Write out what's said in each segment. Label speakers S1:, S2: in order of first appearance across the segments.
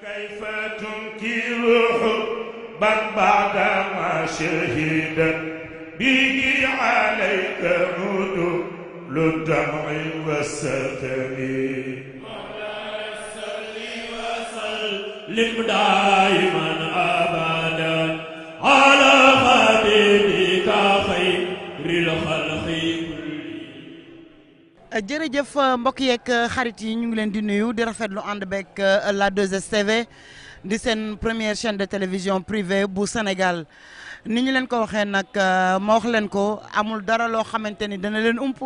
S1: كيف تنكر حبا بعدما شهدت به عليك هدوء
S2: للدمع والسكن مولاي
S3: صل وسلم دائما ابدا
S4: jërëjëf euh, mbokk yeeg euh, xarit yi ñu ngi leen di nuyu di rafetlu ànd beeg euh, la 2STV di seen première chaine de télévision privée bu Sénégal ni ñu leen ko waxee nag ma wax leen ko amul dara loo xamante ni dana leen ump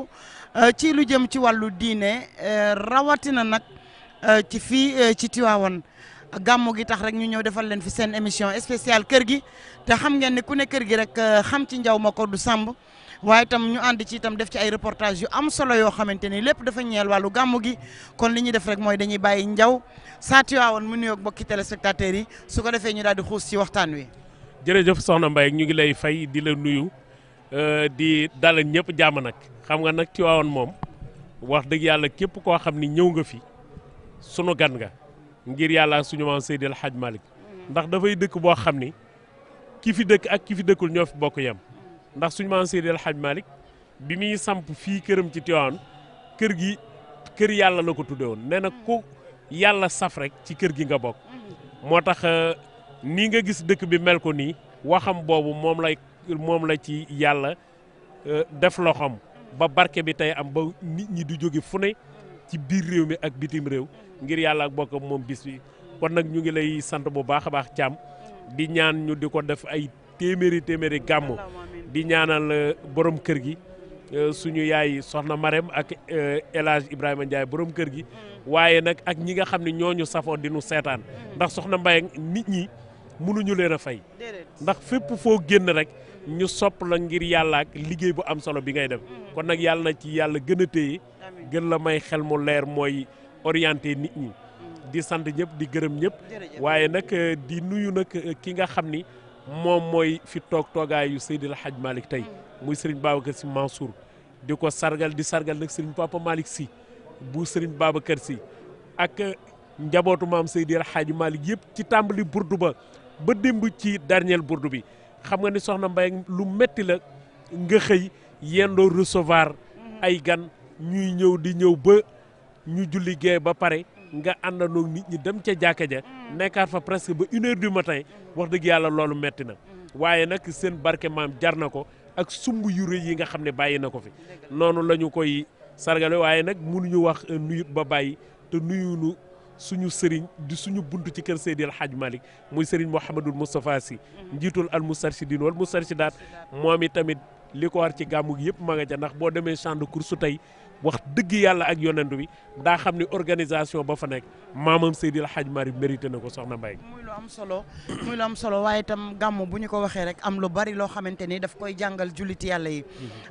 S4: ci lu jëm ci wàllu diine rawatina nag ci fii ci Tivaouane gàmmu gi tax rek ñu ñëw defal leen fi seen émission spéciale kër gi te xam ngeen ni ku ne kër gi rek xam ci njaw ma ko du sàmb waaye itam ñu ànd ci itam def ci ay reportage yu am solo yoo xamante ni lépp dafa ñeel wàllu gàmmu gi kon li ñuy def rek mooy dañuy bàyyi njaw saatiwaawoon
S3: mu nuyoog mbokki téléspectateurs yi su ko defee ñu daal di xuus ci waxtaan wi. jërëjëf soxna Mbaye ñu ngi lay fay di la nuyu euh, di dalal ñëpp jàmm nag xam nga nag Tiwaawoon moom wax dëgg yàlla képp koo xam ni ñëw nga fi sunu gan nga ngir yàlla suñu maam Seydi El Hadj Malick mm. ndax dafay dëkk boo xam ni ki fi dëkk ak ki fi dëkkul ñoo fi bokk yam ndax suñu maam Seydi El Hadj Malick bi muy samp fii këram ci Tiwaawan kër gi kër yàlla la ko tudde woon nee na ko yàlla saf rekk ci kër gi nga bokk moo tax euh, nii nga gis dëkk bi mel ko nii waxam boobu moom lay moom la ci yàlla euh, def loxoom ba barke bi tey am ba nit ñi di jóge fu ne ci biir réew mi ak bitim réew ngir yàlla ak bokkam moom bis bi kon nag ñu ngi lay sant bu baax a baax Thiam di ñaan ñu di ko def ay téeméeri téeméeri gàmmu di ñaanal euh, boroom kër gi euh, suñu yaay soxna Marème ak euh, El Hadj Ibrahima Ndiaye borom kër gi mm. waaye nag ak ñi nga xam ne ñooñu safoo dinu seetaan mm. ndax soxna Mbaye nit ñi mënuñu leen a fay ndax fépp foo génn rek ñu sopp la ngir yàlla liggéey bu am solo bi ngay dem mm. kon nag yàlla na ci yàlla gën a gën la may xel mu leer mooy orienté nit ñi di sant ñëpp di gërëm ñëpp waaye nag di nuyu nag ki nga xam ni moom mooy fi toog toogaayu la Hadj malik tey mm. muy Serigne Babacar Sy Mansour di ko sargal di sargal nag Serigne Papa Malick Sy bu Serigne Babacar si ak euh, njabootu maam Seydil Hadj Malick yëpp ci tàmbali burdu ba ba démb ci dernier burdu bi xam nga ni soxna Mbaye lu metti la nga xëy yendoo recevoir mm-hmm. ay gan ñuy ñëw di ñëw ba ñu julli gee ba pare nga àndandoo nit ñi dem ca jàkka ja mm. nekkaat fa presque ba une heure du matin mm. wax dëgg yàlla loolu metti na mm. waaye nag seen barke maam jar na ko ak sumb yu rëy yi nga xam ne bàyyi na ko fi noonu la ñu koy sargale waaye nag mënuñu wax euh, nuyut ba bàyyi te nuyunu suñu sëriñ di suñu bunt ci kër Seydil Hadj Malick muy sëriñ Mouhamadul Moustapha Sy njiitul al moustarchidine wal moustarchidaat moom itamit li ko war ci gàmmu gi yëpp ma nga ca ndax boo demee champ de tey wax dëgg yàlla ak yonentu bi daa xam ni organisation ba fa nekk maamam Seydil Hadj Mari mérité na ko soxna Mbaye.
S4: muy lu am solo waaye itam gàmm bu ñu ko waxee rek am lu bari loo xamante ni daf koy jàngal julliti yàlla yi.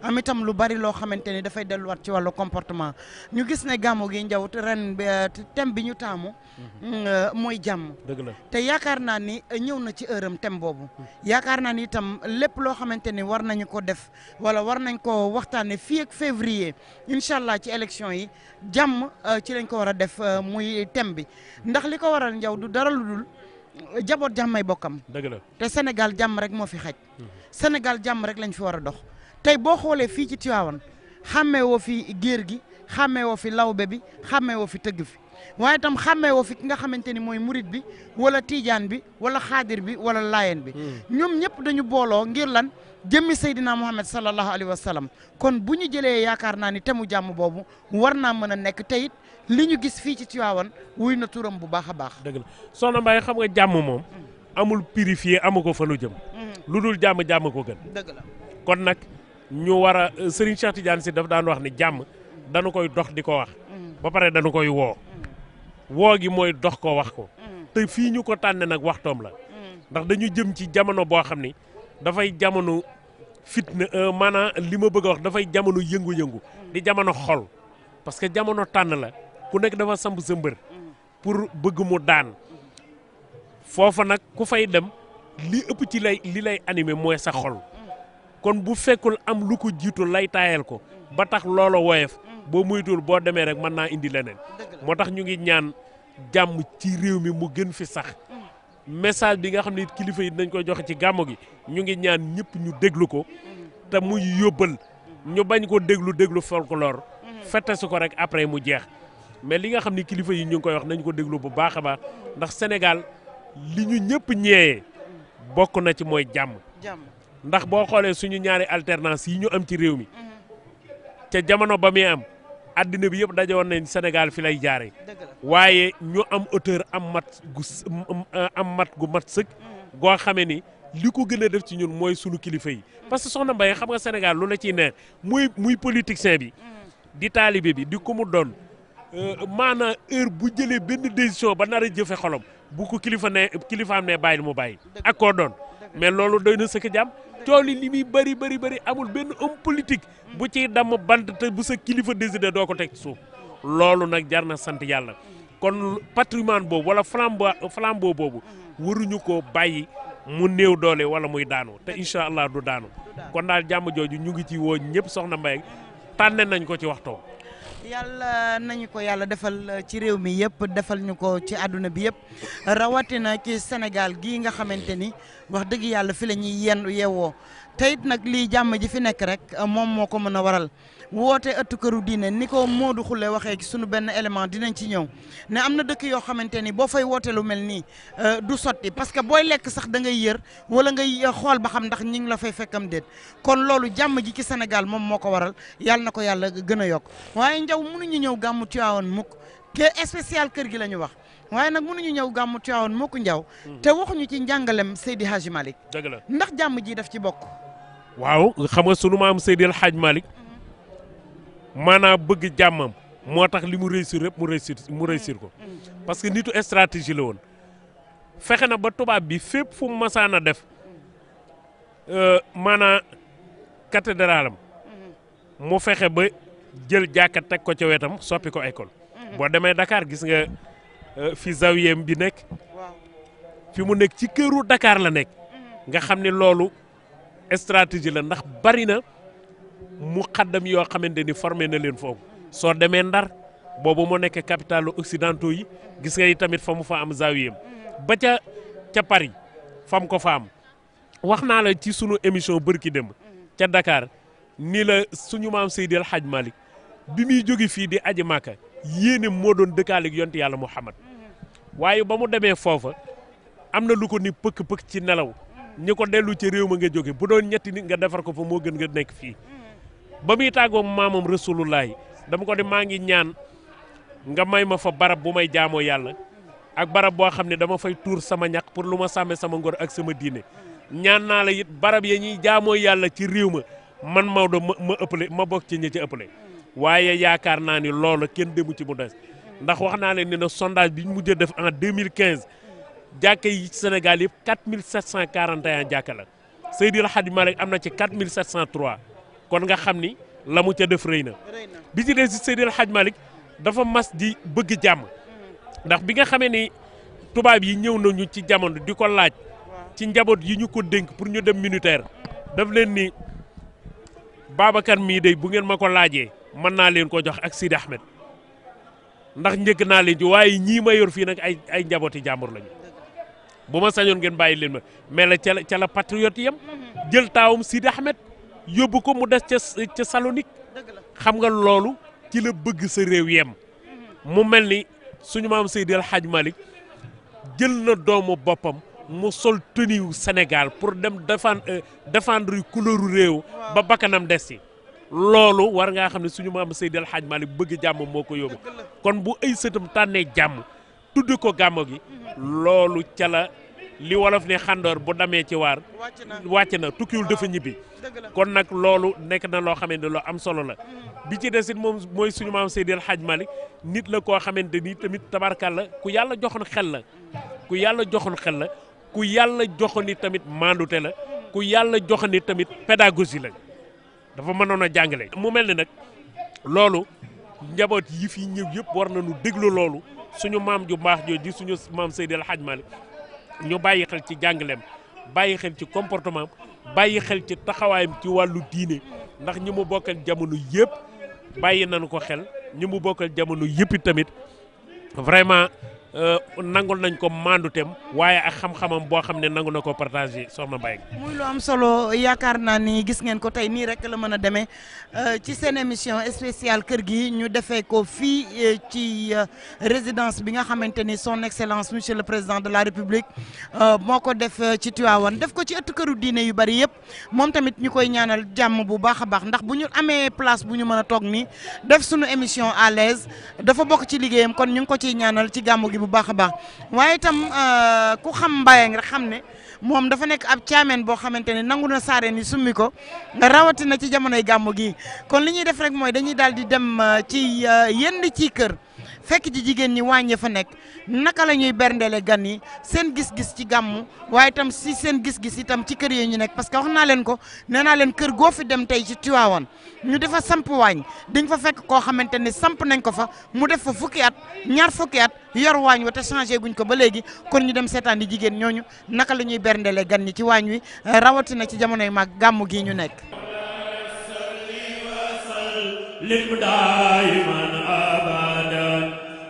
S4: Mhm. lu bari loo xamante ni dafay delluwaat ci wàllu comportement ñu gis ne gàmm gi njaw ren thème bi ñu taamu. Mhm. Mm, euh, mooy jàmm. dëgg la te yaakaar naa ni euh, ñëw na ci heure am thème boobu. Mhm. yaakaar naa ni itam lépp loo xamante ni war nañu ko def wala war nañ ko waxtaanee fii février allah ci élection yi jàmm euh, ci lañ ko war a def euh, muy thème bi ndax li ko waral njaw du dara lu dul euh, jaboot jàmmay bokkam. dëgg te Sénégal jàmm rek moo fi xaj. Mhm. Sénégal jàmm rek lañ fi war a dox tey boo xoolee fii ci Tivaouane xàmmee woo fi géer gi xàmmee woo fi lawbe bi xàmmee woo fi tëgg fi. waaye tam xàmmee woo fi ki nga xamante ni mooy murit bi wala tiijaan bi wala xaadir bi wala laayeen bi mhm. ñoom ñëpp dañu booloo ngir lan jëmmi Seydina Muhammad sallallahu alayhi wa sallam kon bu ñu jëlee yaakaar naa ni temu jàmm
S3: boobu war naa mën a nekk teyit li ñu gis fii ci Tiwaawan wuy na turam bu baax a baax. dëgg na soxna Mbaye xam nga jàmm moom. amul purifié amu ko fa lu jëm. Mm-hmm. lu dul jàmm jàmm ko gën. dëgg kon nag ñu war a Serigne Cheikh Tidiane si daf daan wax ni jàmm dañu koy dox di ko wax. Mm-hmm. ba pare dañu koy woo. Mm-hmm. woo gi mooy dox ko wax ko. te fii ñu ko tànne nag waxtoom la. ndax dañu jëm ci jamono boo xam ni. dafay jamono fitna euh, maanaam li ma bëgg a wax dafay jamono yëngu-yëngu di jamono xol parce que jamono tànn la ku nekk dafa samp sa mbër pour bëgg mu daan foofa nag ku fay dem li ëpp ci lay li lay animé mooy sa xol kon bu fekkul am lu ko jiitu lay taayal ko ba tax loola woyof boo muytul boo demee rek mën naa indi leneen moo tax ñu ngi ñaan jàmm ci réew mi mu gën fi sax message bi nga xam ne kilifa yi dinañ koy joxe ci gàmmu gi ñu ngi ñaan ñëpp ñu déglu ko te muy yóbbal ñu bañ ko déglu déglu folklore fette su ko rek après mu jeex mais li nga xam ni kilifa yi ñu ngi koy wax nañ ko déglu bu baax a baax ndax Sénégal li ñu ñëpp ñeeyee bokk na ci mooy jàmm ndax boo xoolee suñu ñaari alternance yi ñu am ci réew mi ca jamono ba muy am addina bi yëpp daje woon nañ Sénégal fi lay jaare waaye ñu am hauteur am mat gu euh, am mat gu mat sëg mm. goo xamee ni li ko gën a def ci ñun mooy sunu kilifa yi mm. parce que soxna Mbaye xam nga Sénégal lu la ciy neex muy muy politicien bi mm. di taalibe bi di ko mu doon euh, maanaam heure bu jëlee benn décision ba nar a jëfe xolom bu ko kilifa ne kilifaam ne bàyyil mu bàyyi ak koo doon mais loolu doy na sëkk jàmm tool yi li muy bëri bëri bëri amul benn homme politique bu ciy damm bant te bu sa kilifa décidé doo ko teg suuf loolu nag jar na sant yàlla kon patrimoine boobu wala flambeau flambeau boobu waruñu koo bàyyi mu néew doole wala muy daanu te incha allah du daanu kon daal jàmm jooju ñu ngi ci woo ñëpp soxna Mbaye tànne nañ ko ci waxtoo
S4: yàlla nañu ko yàlla defal euh, ci réew mi yëpp defal ñu ko ci àdduna bi yëpp rawatina ci Sénégal gii nga xamante ni wax dëgg yàlla fi la ñuy yendu yeewoo te it nag lii jàmm ji fi nekk rek moom moo ko mën a waral woote ëttu këru diine ni ko Modou Khoule waxee ci sunu benn élément dinañ ci ñëw ne am na dëkk yoo xamante ni boo fay woote lu mel nii euh, du sotti parce que booy lekk sax da ngay yër wala ngay euh, xool ba xam ndax ñi ngi la fay fekkam déet kon loolu jàmm ji ci senegal moom moo ko waral yàlla na ko yàlla gën a yokk waaye njaw mënuñu ñëw gàmmu Tiwaawan mukk te spécial kër gi la ñu wax waaye nag mënuñu ñëw gàmmu Tiwaawan mukk njaw hmm. te waxuñu ci njàngalem Seydi Hadji Malick la ndax jàmm ji daf ci bokk
S3: waaw xam sunu maam Seydi El Hadj maanaam bëgg jàmmam moo tax li mu réussir rek mu réussir mu réussir ko mm. parce que nitu stratégie la woon fexe na ba tubaab bi fépp fu mu masaan a def euh, maanaam cathédrale am mm-hmm. mu fexe ba jël jàkka teg ko ca wetam soppi ko école. Mm-hmm. boo demee Dakar gis nga euh, fi zawiyem bi nekk fi mu nekk ci këru dakaar la nekk mm-hmm. nga xam ne loolu stratégie la ndax bari na. mu muqaddam yoo xamante ni formé na leen foofu soo demee ndar boobu moo nekk capitalu occidentaux yi gis yi tamit fa mu fa am zawiyam ba ca ca Paris fam ko fa am wax naa la ci sunu émission bërki dem ca Dakar nii la suñu maam Seydi El Hadj Malick bi muy jóge fii di aji Màkka yéene moo doon dëkkaaleeg yonti yàlla Muhammad waaye ba mu demee foofa am na lu ko ni pëkk-pëkk ci nelaw ñi ko dellu ci réew ma nga jóge bu doon ñetti nit nga defar ko fa moo gën nga nekk fii ba muy tàggoog maamam rasulullahi dama ko ne maa ngi ñaan nga may ma fa barab bu may jaamoo yàlla ak barab boo xam ne dama fay tuur sama ñax pour lu ma sàmme sama ngoro ak sama diine ñaan naa la it barab ya ñuy jaamoo yàlla ci réew ma man Maodo ma ma ëppale ma bokk ci ñi ci ëppale waaye yaakaar naa ni loola kenn demu ci mu des ndax wax naa leen ne na sondage bi ñu mujj def en 2015 jàkka yi ci Sénégal yëpp 4741 jàkka la Seydil Hadji Malick am na ci 4703 kon nga xam ni la mu ca def rëy na bi ci dee si Seydil Hadj Malick dafa mas di bëgg jàmm mm-hmm. ndax bi nga xamee ni tubaab yi ñëw nañu ci jamono di ko laaj ci njaboot yi ñu ko dénk pour ñu dem militaire daf leen ni Babacar mii day bu ngeen ma ko laajee mën naa leen ko jox ak Sidi Ahmed ndax njëkk naa leen ci waaye ñii ma yor fii nag ay ay njabooti jàmbur lañu bu ma sañoon ngeen bàyyi leen ma mais la ca la ca yam mm-hmm. jël taawum Sidi Ahmed yóbbu ko mu des ca ca Salonique xam nga loolu ci la bëgg sa réew yem mhm. mu mel ni suñu maam Seydi El Hadj Malick jël na doomu boppam mu sol tenue senegal pour dem défendre euh, défendre couleuru réew ba bakkanam des si loolu war ngaa xam ne suñu maam Seydi El Hadj Malick bëgg jàmm moo ko yóbbu kon bu ay sëtam tànnee jàmm tudd ko gàmmo gi mhm. loolu ca la li wolof ne xandoor bu damee ci waar wàcc na tukkiwul dafa ñibbi kon nag loolu nekk na loo xamante lu am solo la bi ci desit moom mooy suñu maam Seydil Hadj Malick nit la koo xamante ni tamit tabarkal la ku yàlla joxoon xel la ku yàlla joxoon xel la ku yàlla joxoon ni tamit maandute la ku yàlla joxoon ni tamit pédagogie la dafa mënoon a jàngale mu mel ni nag loolu njaboot yi fi ñëw yëpp war na nañu déglu loolu suñu maam ju baax jooju suñu maam Seydil Hadj Malick ñu bàyyi xel ci jàngaleem bàyyi xel ci comportement bàyyi xel ci taxawaayam ci wàllu diine ndax ñi mu bokkal jamono yëpp bàyyi nañu ko xel ñi mu bokkal jamono yëpp tamit vraiment Euh, nangul nañ ko mandutem waaye ak xam-xamam boo xam ne nangu na ko partagé soxna Mbaye.
S4: muy lu am solo yaakaar naa ni gis ngeen ko tey nii rek la mën a demee euh, ci seen émission spéciale kër gi ñu defee ko fii euh, ci résidence bi nga xamante ni son excellence monsieur le président de la république moo ko def ci Tivaouane def ko ci ëtt këru diine yu bari yëpp moom tamit ñu koy ñaanal jàmm bu baax a baax ndax bu ñu amee place bu ñu mën a toog nii def suñu émission à l'aise dafa bokk ci liggéeyam kon ñu ngi ko ciy bu baax a baax waaye itam euh, ku xam Mbayang rek xam ne moom dafa nekk ab caameen boo xamante ne nangu na saare ni summi ko nga rawatina ci jamonoy gàmmu gi kon li ñuy def rek mooy dañuy daal di dem euh, ci euh, yenn ci kër. fekk ji jigéen ñi wàññi fa nekk naka la ñuy berndele gan yi seen gis-gis ci gàmmu waaye itam si seen gis-gis itam ci kër yi ñu nekk parce que wax naa leen ko nee leen kër goo fi dem tey ci Tiwaawan ñu defa samp waañ dañ fa fekk koo xamante ne samp nañ ko fa mu def fa fukki at ñaar fukki at yor waañ wa changé guñ ko ba léegi kon ñu dem seetaan di jigéen ñooñu naka la ñuy berndele gan ñi ci waañ wi rawatina ci jamonoy mag gàmmu gi ñu nekk.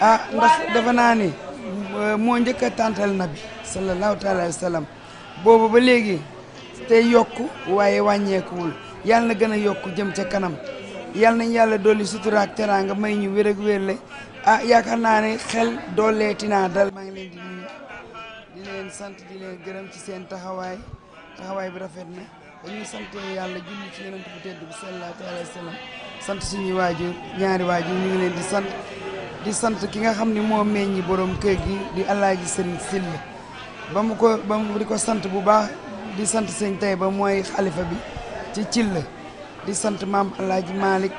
S5: ah ndax dafa naa ni euh, moo njëkk a tàntal nabi sallallahu taala alayhi wa boobu ba léegi te yokk waaye wàññeekuwul yàlla na gën a yokk jëm ca kanam yàlla nañ yàlla dolli sutura ak teraanga may ñu wér ak wér le ah yaakaar naa ne xel dooleeti naa dal maa ngi leen di nuyu di leen sant di leen gërëm ci seen taxawaay taxawaay bi rafet na ba ñuy sant yàlla julli ci yonent bu tedd bi sallallahu alayhi wa sant suñuy waajur ñaari waajur ñu ngi leen di sant di sant ki nga xam ni moo meññi borom kër gi di alaaji sëriñ Sylla ba mu ko ba mu ko sant bu baax di sant sëñ tey ba mooy xalifa bi ci Sylla di sant maam alaaji Malick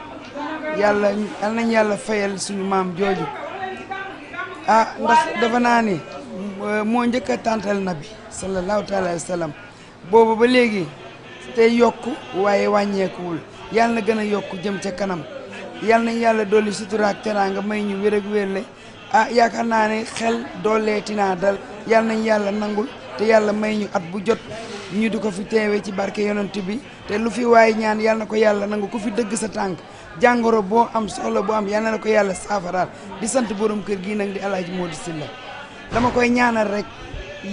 S5: yàlla yal nañ yàlla fayal suñu maam jooju ah dafa naa ne moo njëkk a tàntal nabi sallallahu taala wa sallam boobu ba léegi te yokk waaye wàññeekuwul yàlla na gën a yokk jëm ca kanam yàlla nañ yàlla dolli sutura ak teraanga may ñu wér ak wérle ah yaakaar naa ne xel dooleeti naa dal yàlla nañ yàlla nangu te yàlla may ñu at bu jot ñu di ko fi teewee ci barke yonent bi te lu fi waaye ñaan yàlla na ko yàlla nangu ku fi dëgg sa tànk jàngoro boo am soxla boo am yàlla na ko yàlla saafaraal di sant borom kër gii nag di alaaji Modou Sylla dama koy ñaanal rek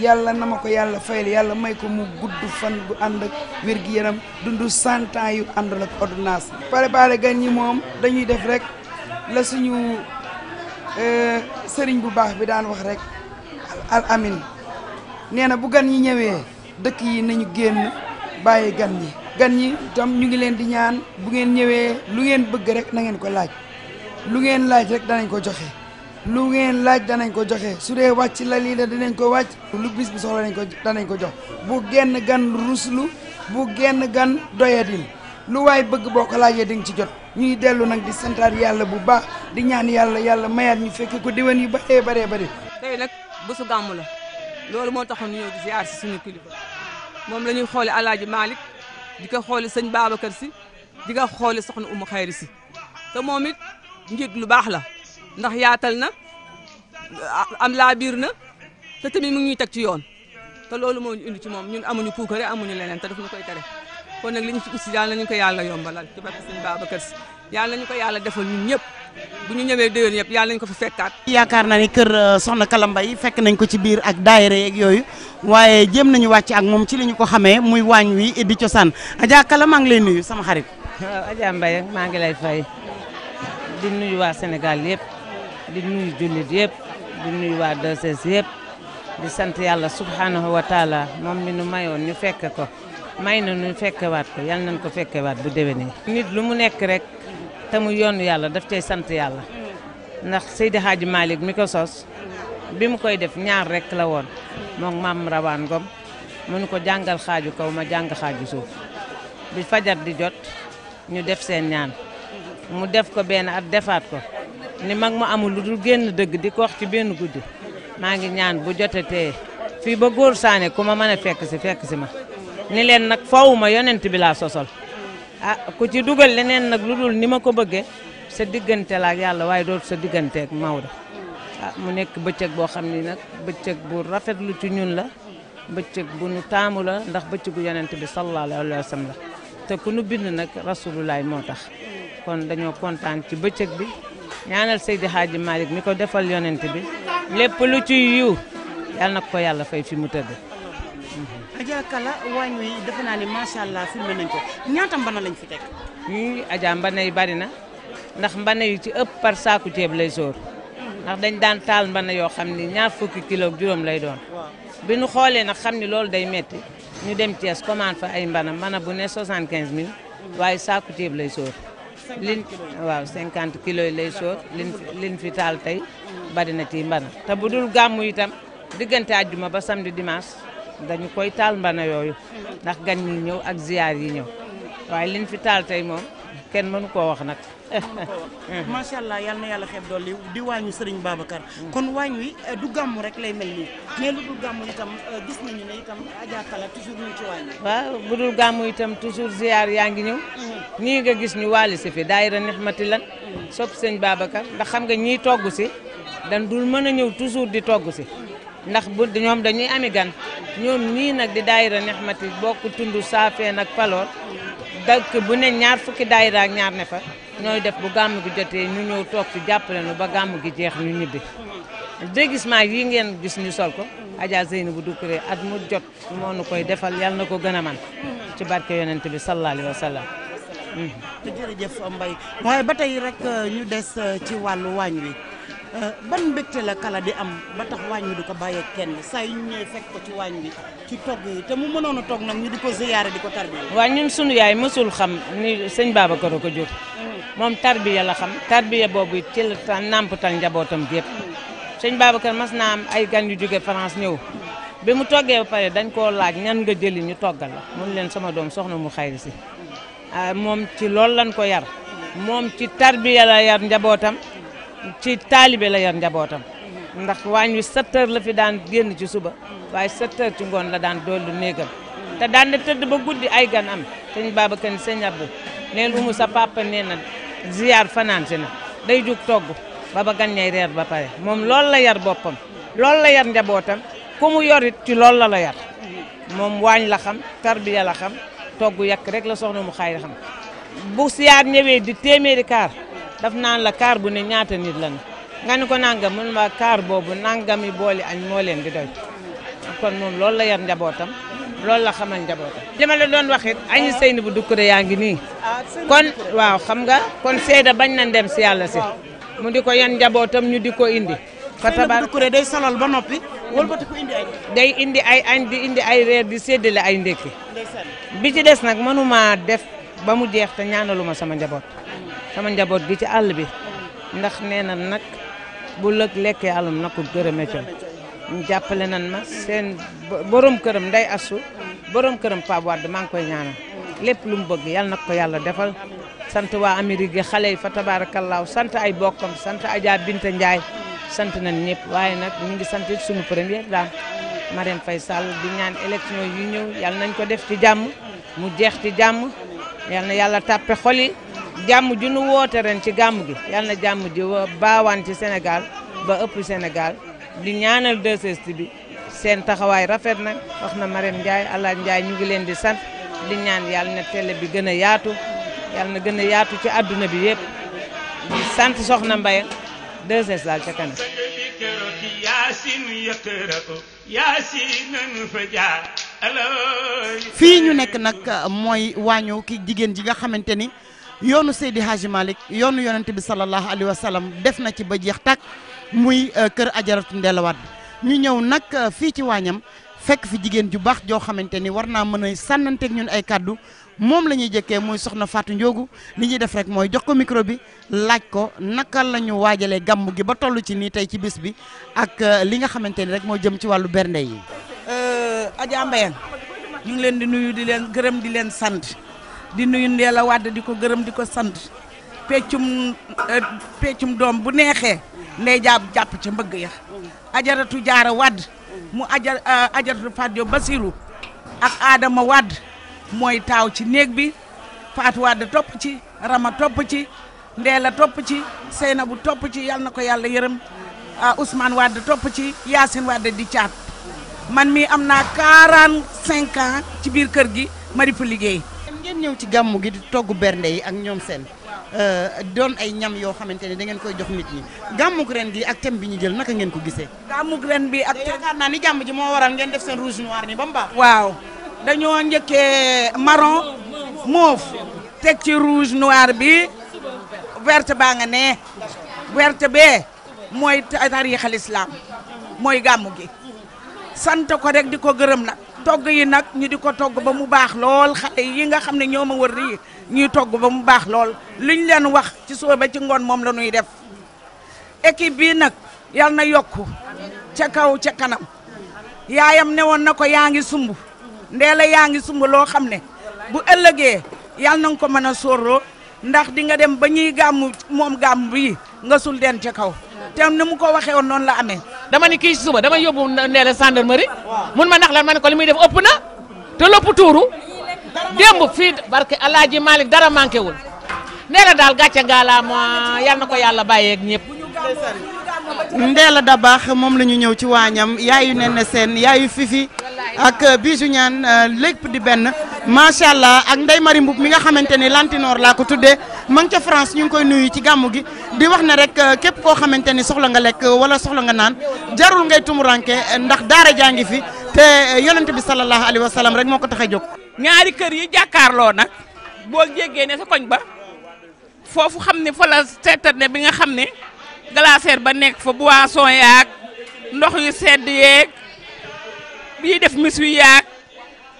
S5: yàlla na ma ko yàlla fayal yàlla may ko mu gudd fan bu ànd ak wér gi yaram dundu cent yu àndal ak pare préparé gan ñi moom dañuy def rek la suñu euh, sëriñ bu baax bi daan wax rek al amin nee na bu gan ñi ñëwee dëkk yi nañu génn bàyyi gan ñi gan ñi tam ñu ngi leen di ñaan bu ngeen ñëwee lu ngeen bëgg rek na ngeen ko laaj lu ngeen laaj rek danañ ko joxe lu ngeen laaj danañ ko joxe su dee wàcc la lii la dinañ ko wàcc lu bis bi soxla nañ ko danañ ko jox bu genn gan ruslu bu genn gan doyadil lu waay bëgg boo ko laajee di nga ci jot ñuy dellu nag di santaat yàlla bu baax di ñaan yàlla yàlla mayaat ñu fekk ko diwen yu baree baree bëri tey
S6: nag bésu gàmmu la loolu moo taxoon ñu ñëw di ziar si suñu kilifa moom la ñuy xoole alaaji Malick di ko xoole sëñ Babacar si di ko xoole soxna Umu Xayri si te moom it njiit lu baax la ndax yaatal na am laa biir na te tamit mu ñuy teg ci yoon te loolu moo ñu indi ci moom ñun amuñu puukare amuñu leneen te daf ñu koy tere kon nag li ñu ci aussi yàlla nañu ko yàlla yombalal ci barke sëñ Babacar Si yàlla nañu ko yàlla defal ñun ñëpp bu ñu ñëwee déwén yëpp yàlla nañu ko fi fekkaat.
S4: yaakaar naa ni kër euh, soxna Kala Mbaye fekk nañ ko ci biir ak daayira yeeg yooyu waaye jéem nañu wàcc ak moom ci li ñu ko xamee muy waañ wi di cosaan Adja Kala maa ngi lay nuyu sama xarit.
S6: waaw maa ngi lay fay di nuyu waa Sénégal yëpp di nuyu jullit yëpp di nuyu waa 2 yëpp di sant yàlla subhanahu wa moom mi nu mayoon ñu fekke ko may na ñu fekkewaat ko yal nañ ko fekkewaat bu déwénee. nit lu mu nekk rek te mu yoonu yàlla daf cay sant yàlla ndax Seydi Hadji Malick mi ko sos bi mu koy def ñaar rek la woon moom maam rawaan ngom mënu ko jàngal xaaju kaw ma jàng xaaju suuf bi fajar di jot ñu def seen ñaan mu def ko benn at defaat ko. ni mag mu amul lu dul génn dëgg di ko wax ci benn guddi maa ngi ñaan bu jotatee fii ba góor saane ku ma mën a fekk si fekk si ma ni leen nag faaw ma yonent bi laa sosol a ah ku ci dugal leneen nag lu dul ni ma ko bëggee sa diggante la yàlla waaye dootu sa digganteek Maodo a ah mu nekk bëccëg boo xam ni nag bëccëg bu rafetlu ci ñun la bëccëg bu nu taamu la ndax bëccëgu yonent bi sallallahu alayhi wa sallam la te ku nu bind nag rasulullaay moo tax bi ñaanal Seydi Hadji Malick mi ko defal yonent bi lépp lu ci yiw na ko yàlla fay fi mu tëdd. Adja Kala waañ wi defe naa ne macha allah filmé nañ ko ñaata mbana lañ fi teg. yii Adja mbana yi bari na ndax mbana yu ci ëpp par saaku ceeb lay sóor ndax dañ daan taal mbana yoo xam ni ñaar fukki kilo juróom lay doon. bi nu xoolee nag xam ni loolu day metti ñu dem Thiès commande fa ay mbana mbana bu ne 75000 mm. waaye saaku ceeb lay sóor. lin waaw cinquante kilos yi lay soot lin fi taal tey bari na ci bana te bu dul gàmmu itam diggante àjjuma ba samedi dimanche dañu koy taal mbana yooyu ndax gan yi ñëw ak ziyaar yi ñëw waaye lin fi taal tey moom kenn mënu koo wax nag.
S4: macha allah yal na yàlla xeeb dolli di waañu Serigne Babacar. kon waañ wi eh, du gàmmu rek lay mel nii mais lu dul gàmm itam eh, gis nañu ne itam ajaakala toujours ñu ci waañ
S6: waaw bu dul gàmm itam toujours ziar yaa ngi ñëw. ñii mm-hmm. nga gis ñu waali si fi daayira nixmati lan. Mm-hmm. sopp sëñ Babacar ndax xam nga ñiy togg si. dan dul mën a ñëw toujours di togg si. ndax bu ñoom dañuy ami gan. ñoom ñii nag di daayira nixmati bokk tund saafeen ak paloor. dëkk bu ne ñaar fukki daayira ak ñaar ne fa ñooy def bu gàmm gi jotee ñu ñëw toog fi jàppale nu ba gàmm gi jeex ñu ñibbi déguisement yi ngeen gis ñu sol ko Adja Zeynabou Doucouré at mu jot moo nu koy defal yal na ko gën a man ci barke yonent bi sallallahu alayhi wa waaye ba tey rek
S4: euh, ñu des euh, ci wàllu waañ wi Euh, ban mbégte la kala di am ba tax waañ wi du ko bàyyeeg kenn saa yu ñëwee fekk ko ci waañ wi ci togg yi te mu mënoon a toog nag ñu di ko ziyaare di ko
S7: tarbiya.
S6: waaw ñun sunu yaay mësul xam ni sëñ Babacar ko jur.
S7: Mm.
S6: moom tarbiya la xam tarbiya boobu ci la nàmpatal njabootam gépp mm. sëñ Babacar mas naa am ay gan yu jóge France ñëw. bi mu toggee ba pare dañ koo laaj ñan nga jëli ñu toggal la mun leen sama doom soxna mu xayri si mm. ah, moom ci loolu lañ ko yar moom ci taalibe la yar njabootam ndax waañ wi 7 la fi daan génn ci suba waaye 7 heures ci ngoon la daan dollu néegam te daan na tëdd ba guddi ay gan am sëñ Babacar sëñ Abdou neen umu sa papa nee na ziar fanaan si na day jug togg ba ba gan ñay reer ba pare moom lool la yar boppam loolu la yar njabootam ku mu yorit ci loolu la la yar moom waañ la xam tarbiya la xam togg yàq rek la soxna mu xaay la xam bu siyaar ñëwee di téeméeri kaar daf naan la kaar bu ne ñaata nit la nga ni ko nangam mun ma kaar boobu nangami booli añ moo leen di doy kon moom loolu la yar njabootam loolu la xamal njabootam. li ma la doon wax it añu sëyni bu dukkure yaa ngi nii kon waaw xam nga kon seeda bañ na dem si yàlla si mu di ko yan njabootam ñu di ko indi. fatabar dukkure day solal ba noppi. wëlbati ko indi day indi ay añ di indi ay reer di séddale ay ndékki. bi ci des nag mënuma def ba mu jeex te ñaanaluma sama njaboot. sama njaboot gi ci àll bi ndax nee na nag bu lëg lekkee alum na ko gërëme coon jàppale nan ma seen borom këram nday asu borom këram Pape Wade maa ngi koy ñaanal lépp lu mu bëgg yàlla na ko yàlla defal sant waa Amérique xale yi fa tabaarakallaahu sant ay bokkam sant Adja Binta Ndiaye sant nañ ñëpp waaye nag ñu ngi sant suñu première dame Marème fay Sall di ñaan élection yu ñëw yàlla nañ ko def ci jàmm mu jeex ci jàmm yàlla na yàlla tàppe xol jàmm ju nu woote ci gàmm gi yal na jàmm ji baawaan ci senegaal ba ëpp Sénégal di ñaanal 2STV bi seen taxawaay rafet na wax na Marème Ndiaye Alla Ndiaye ñu ngi leen di sant di ñaan yal na tele bi gën a yaatu yal na gën a yaatu ci àdduna bi yëpp di sant Soxna Mbaye 2STV daal kanam fii ñu nekk nag
S4: mooy waañu ki jigéen ji nga xamante ni yoonu Seydi Hadji Malick yoonu yonent bi sallallahu alayhi wa sallam def na ci ba jeex tàkk muy euh, kër ajaratu Ndella Wade ñu ñëw nag euh, fii ci waañam fekk fi jigéen ju baax joo xamante ni war naa mën a sànnanteek ñun ay kàddu moom la ñuy jëkkee muy soxna Fatou Ndiogou li ñuy def rek mooy jox ko micro bi laaj ko naka lañu ñu waajalee gàmm gi ba toll ci nii tey ci bis bi ak euh, li nga xamante ni rek moo jëm ci wàllu bernde yi.
S8: Adja Mbayang ñu leen di nuyu di leen gërëm di leen sant. di nuyu Ndella wàdd di ko gërëm di ko sant peccum eh, peccum doom bu neexee ndey jàpp ca mbëgg ya ajaratu jaara wàdd mu ajar eh, ajaratu Fadio Basiru ak aadama wàdd mooy taaw ci néeg bi Fatou wàdd topp ci Rama topp ci Ndella topp ci bu topp ci yal na ko yàlla yërëm ah, usmaan wàdd topp ci Yacine wàdd di caat man mii am naa quarante cinq ci biir kër gi ma di fa
S4: liggéey ngeen ñëw ci gàmmu gi di togg bernde ak ñoom seen euh, doon ay ñam yoo xamante ne da ngeen koy jox nit ñi gàmmug ren gi ak thème bi ñu jël naka ngeen ko gisee. gàmmug ren bi ak.
S8: yaakaar naa ni gàmm ji moo waral ngeen def seen rouge noir ni ba mu baax. waaw dañoo njëkkee marron mauve teg ci rouge noir bi baa nga ne verte bee mooy tariixal islaam mooy gàmmu gi ko rek di ko gërëm nag. togg yi nag ñu di ko togg ba mu baax lool xale yi nga xam ne ñoo ma wër yi ñuy togg ba mu baax lool luñ leen wax ci suba ba ci ngoon moom la ñuy def équipe bii nag yal na yokk ca kaw ca kanam yaayam ne woon na ko yaa ngi sumb ndeela yaa ngi sumb loo xam ne bu ëllëgee yal na nga ko mën a sóorloo ndax di nga dem ba ñuy gàmmu moom gàmm bii nga sul den ca kaw te na mu ko waxee woon noonu la amee. dama ni kii suba dama yóbbu
S6: Ndeye la gendarmerie. mun ma nax la ma ne ko li muy def ëpp na. te lépp tuuru. démb fii barke El Hadj Malick dara manqué wul. Ndeye la daal gàcce ngaalaama na ko yàlla bàyyeeg ñëpp. Ndella Dabax
S4: moom la ñu ñëw ci waañam yaayu nen seen yaayu fifi ak euh, bisu ñaan euh, lépp di benn macha allah ak ndey mari Mboup mi nga xamante ni lantinoor laa ko tuddee ma ngi ca France ñu ngi koy nuyu ci gàmmu gi di wax ne rek euh, képp koo xamante ni soxla nga lekk wala soxla nga naan jarul ngay tumuranke euh, ndax daara jaa ngi fi te euh, yonent bi sallallahu alayhi wa sallam rek moo ko tax a jóg. ñaari kër yi
S8: jàkkaarloo nag boo jéggee ne sa koñ ba foofu xam ne fa seetane bi nga xam ne glacière ba nekk fa boisson yaag ndox yu sedd yeeg yi def mis yu yaag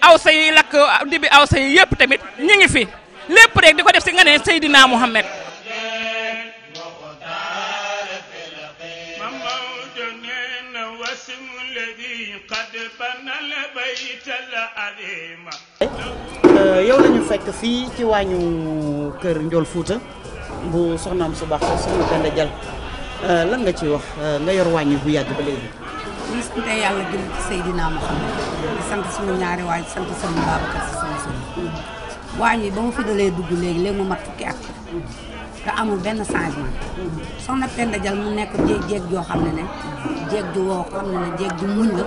S8: aw sa yi lakk dibi aw sa yi yëpp tamit ñu ngi fi lépp rek di ko def si nga ne Seydina Mouhamed.
S4: Eh, yow lañu fekk fii ci waañu kër njool fuuta bu soxnaam su baax soxna Penda Dial eh, lan nga ci wax eh, nga yor waañu bu yàgg ba léegi.
S7: ñu sant
S8: yàlla jëm ci Seydina Muhammad di sant suñu ñaari waay sant suñu Babacar si suñu sëñ waañ yi ba mu fi dugg léegi léegi mu mat fukki te amul benn changement soxna Penda Dial mu nekk jé jéeg joo xam ne ne jéeg ju woo xam ne ne jéeg ju muñ la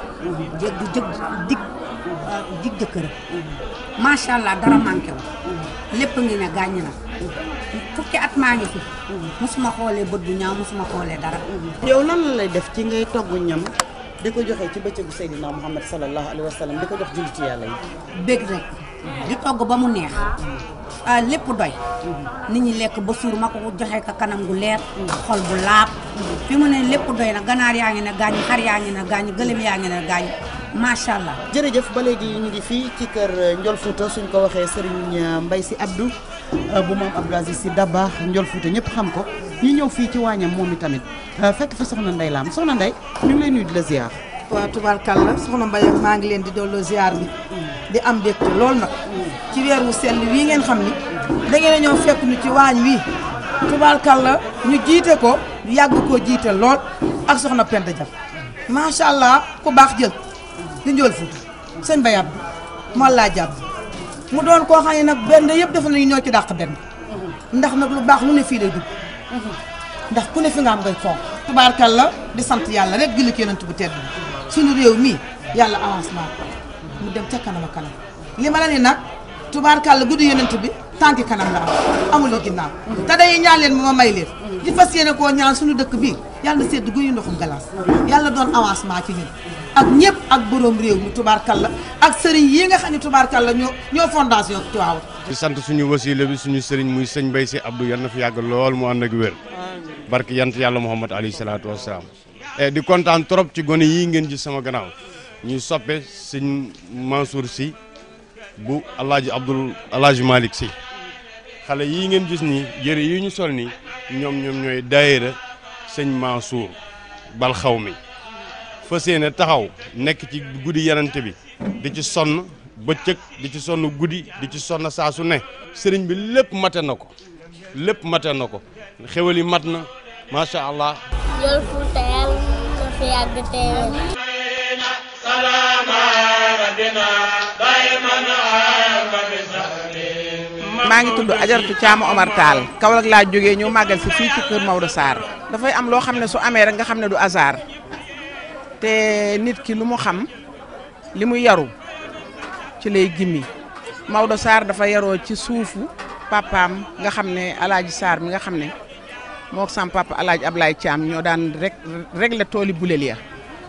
S8: jéeg ju jëg dig euh, dig jëkkëram macha allah dara manqué wu lépp ngi ne gàññ na fukki at maa ngi fi su ma xoolee bët bu ñaaw ma xoolee dara
S4: yow lan la lay def ci ngay togg ñam di ko joxee ci bëccëgu Seydina Muhammad sallallahu alayhi wa sallam di ko jox jullit yàlla yi
S8: bëgg rek di togg ba mu neex ah. Ah, lépp doy nit ñi lekk ba suur ma ko joxe ka kanam gu leer xol bu laab fi mu ne lépp doy na ganaar yaa ngi ne gaañu xar yaa ngi ne gaañu gëlëm yaa ngi ne gaañu macha allah.
S4: jërëjëf ba léegi ñu ngi fii ci kër Ndiol Fouta suñ ko waxee Serigne euh, Mbaye si abdu euh, bu moom Abdou Aziz Sy Dabakh Ndiol Fouta ñëpp xam ko ñu ñëw fii ci waañam moom itamit euh, fekk fi soxna Ndeye Lam soxna Ndeye ñu ngi lay nuyu di la ziar.
S8: waaw tubaarkàlla soxna Mbaye maa ngi leen di dolloo ziar bi. di am mbégte lool nag ci weer wu sell wii ngeen xam ni dangeen ngeen a ñëw fekk ñu ci waañ wii tubaarkal la ñu jiite ko yàgg koo jiite lool ak soxna Penda Jam macha allah ku baax jël di njool Fuuta sëñ Ba yàbb moo laa jàpp mu doon koo xam ne nag benn yëpp def nañu ñoo ci dàq benn ndax nag lu baax lu ne fii lay dugg ndax ku ne fi nga am ngay fonk tubaarkal la di sant yàlla rek julli yonent bu tedd suñu réew mii yàlla avancement mu dem ca kanam a kanam li ma la ni nag tubaarkàlla guddi yonent bi tànki kanam la am amuloo ginnaaw te dañuy ñaan leen ma may leen di fas yéene koo ñaan suñu dëkk bii yàlla na sedd guyu ndoxum galaas yàlla doon avancement ci ñun ak ñëpp ak borom réew mi tubaarkàlla ak sëriñ yi nga xam ne tubaarkàlla ñoo ñoo fondation
S2: Tivaouane sant suñu wasiila bi suñu sëriñ muy sëñ Mbaye Sy Abdou yal na fi yàgg lool mu ànd ak wér barke yant yàlla Muhammad alayhi salaatu eh, di kontaan trop ci gone yii ngeen gis sama gannaaw ñuy soppe sëñ Mansour si bu alaaji Abdul alaaji Malick si xale yii ngeen gis nii jëre yi ñu sol nii ñoom ñoom ñooy daayira sëñ Mansour balxaw xaw mi fas yéene taxaw nekk ci guddi yanante bi di ci sonn bëccëg di ci sonn guddi di ci sonn saa su ne sëriñ bi lépp mate na ko lépp mate na ko xéwal yi mat na macha allah.
S4: maa ngi tudd ajaratu Thiamou
S9: Omar Tall Kaolack laa jóge ñëw màggal si fii ci kër Maodo saar dafay am loo xam ne su amee rek nga xam ne du asaar te nit ki lu mu xam li mu yaru ci lay gimmi Maodo Sarr dafa yaroo ci suufu papaam nga xam ne alaaji saar mi nga xam ne moo sam papa alaaji Ablaye Thiam ñoo daan rek régler tooli buleel ya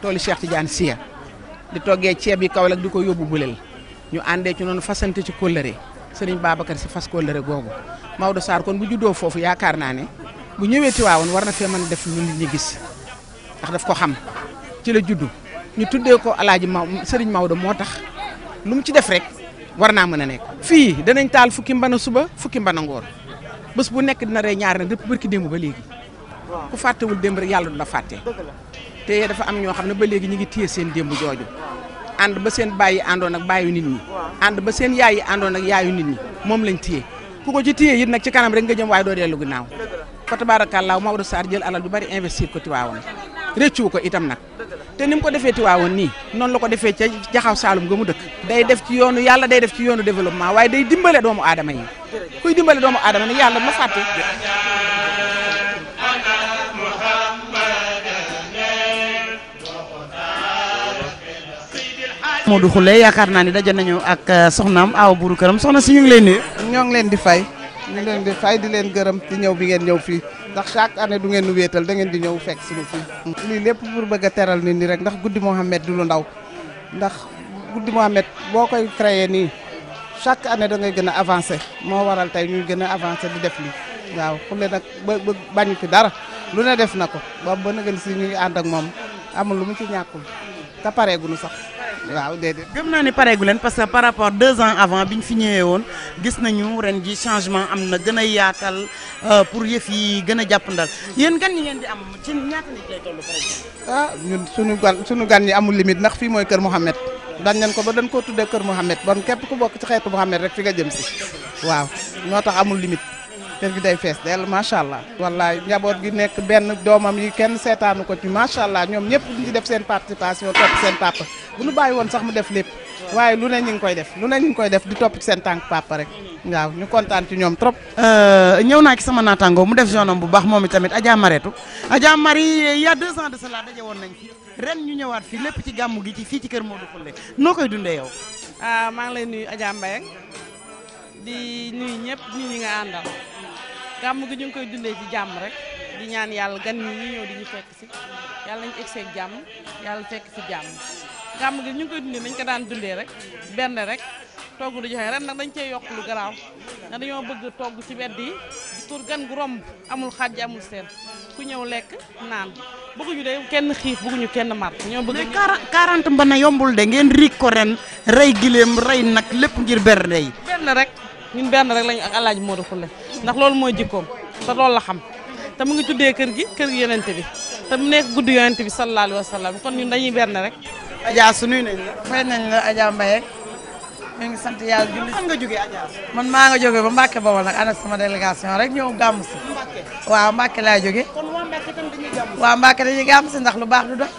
S9: tooli Cheikh Tidiane Sia di toggee ceeb yi Kaolack di ko yóbbu buleel ñu àndee ci noonu fasante ci kóllëre sëriñ Babacar si fas kóllëre googu Maodo Sarr kon bu juddoo foofu yaakaar naa ne bu ñëwee Tiwaawoon war na fee man def lu nit ñi gis ndax daf ko xam ci la juddu ñu tuddee ko alaaji ma sëriñ Maodo moo tax lu mu ci def rek war naa mën a nekk. fii danañ taal fukki mbana suba fukki mbana ngoor bés bu nekk dina rey ñaar na depuis ki demb ba léegi ku fàttewul démb rek yàlla du la fàtte. te dafa am ñoo xam ne ba léegi ñu ngi téye seen démb jooju ànd ba seen bàyyi àndoon ak bàyyu nit ñi ànd ba seen yaay yi àndoon ak yaayu nit ñi moom lañ téye ku ko ci téye it nag ci kanam rek nga jëm waaye doo dellu ginnaaw ko tabaarakallaa Maodo Sarr jël alal ju bari investir ko Tiwaawoon réccu ko itam nag te ni mu ko defee Tiwaawoon nii noonu la ko defee ca jaxaw Saalum nga mu dëkk day def ci yoonu yàlla day def ci yoonu développement waaye day dimbale doomu aadama yi kuy dimbale doomu aadama nag
S4: Modou Khoule yaakaar naa ni daje nañu ak euh, soxnaam aw buru këram soxna si ñu
S9: ngi leen nuyu. ñoo leen di fay leen di fay di leen gërëm ci ñëw bi ngeen ñëw fii ndax chaque année du ngeen nu wéetal da ngeen di ñëw lépp pour bëgg a teral nit ñi rek ndax guddi Mouhamed du lu ndaw ndax guddi Mouhamed boo koy créé nii chaque année da ngay gën a avancé moo waral tey ñuy gën avancé di def lii waaw Khoule nag ba bañu fi dara lu ne def na ko ba ba nga si ñu ngi ànd ak moom amul lu mu ci ñàkkul te pareeguñu sax waaw déedéet. gëm naa ne pareegu leen parce que par rapport deux ans avant bi ñu fi ñëwee woon
S4: gis nañu ren ji changement am na gën a yaatal euh, pour yëf yi gën a jàpp jàppandal yéen gan ñi ngeen di am ci ñaata nit lay toll
S9: ah ñun suñu gan suñu gan ñi amul limite ndax fii mooy Kër Mouhamed dan leen ko ba dañ koo tuddee Kër Mouhamed bon képp ku bokk ci xeetu Mouhamed rek fi nga jëm si waaw ñoo tax amul limite. kër gi day fees dell macha allah. wallaay njaboot gi nekk benn doomam yi kenn seetaanu ko ci macha allah ñoom ñëpp ñu def seen participation topp seen papa bu ñu bàyyi woon sax mu def lépp waaye lu ne ñu ngi koy def lu ne ñu koy def di topp seen tànk papa rek
S4: waaw ñu kontaan ci ñoom trop. Euh, ñëw naa ci sama naataango mu def zone bu baax moom itamit Adja Maretu
S1: Adja Marie il y a deux ans
S4: daje woon nañ ren ñu ñëwaat fii lépp ci gàmmu gi ci fii ci kër Modou Khoule noo koy dundee yow.
S9: Ah, maa ngi lay nuyu Adja di nuyu ñëpp ñi ñi nga àndal. gàmm gi ñu ngi koy dundee ci jàmm rek
S8: di ñaan yàlla gan ñi ñu ñëw di ñu fekk si yàlla nañu egg seeg jàmm yàlla fekk ci jàmm gàmm gi ñu ngi koy dundee nañ ko daan dundee rek benn rek togg du joxe ren nag dañ cee yokk lu garaaw ndax dañoo bëgg togg ci wedd yi pour gan gu romb amul xàjj amul seen ku ñëw lekk naan bëgguñu de
S4: kenn xiif bëgguñu kenn mat ñoo bëgg mais quarante mbana yombul de ngeen riig ko ren rey gileem rey nag lépp ngir bernde yi
S8: benn rek ñun benn rek lañu ak alaaji Modou ndax loolu moo jikkoom te lool la xam te mu ngi tuddee kër gi kër gi yonente bi te mu nekk guddi yonente bi sallallahu alayhi wa sallam kon ñun dañuy benn rek Adja su nuyu nañ la fay nañ la Adja Mbaye ñu ngi sant yàlla julli fan nga man maa nga jógee ba Mbacke Bawol nag ànd ak sama délégation rek ñëw gàmm waaw Mbacke laa jógee
S4: kon waa Mbacke tam dañuy gàmm si waaw Mbacke
S8: dañuy gàmm ndax lu baax du dox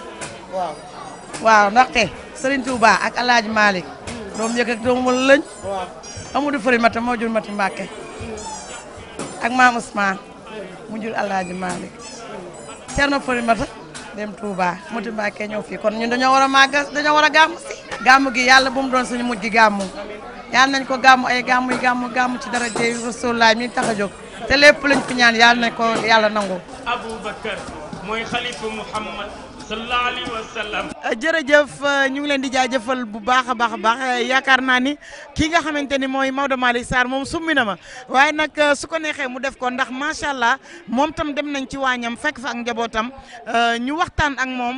S8: waaw waaw ndaxte Serigne Touba ak Alaaji Malick doom njëkk ak doomu Amadou Fari Mata moo jur Mati Mbàkke ak maam Ousmane mu jur Alaaji Malick Cerno Fari Mata dem Touba Mati Mbàkke ñëw fii kon ñu dañoo war a màgg dañoo war a gàmm gàmm gi yàlla bu mu doon suñu mujj gi gàmm yàlla nañ ko gàmm ay gàmm yi gàmm gàmm ci dara jëy Rasulullah mi tax a jóg te lépp lañ fi ñaan yàlla nañ ko yàlla nangu
S3: Aboubacar mooy xalifa Muhammad sallallahu alayhi wa sallam
S8: euh, jërëjëf
S4: euh, ñu ngi leen di jaajëfal bu baax a baax a baax euh, yaakaar naa ni kii nga xamante ni mooy Maodo Malick Sarr moom summi na ma waaye nag su ko neexee mu def ko ndax macha allah moom tam dem nañ ci waañam fekk fa ak njabootam ñu waxtaan ak moom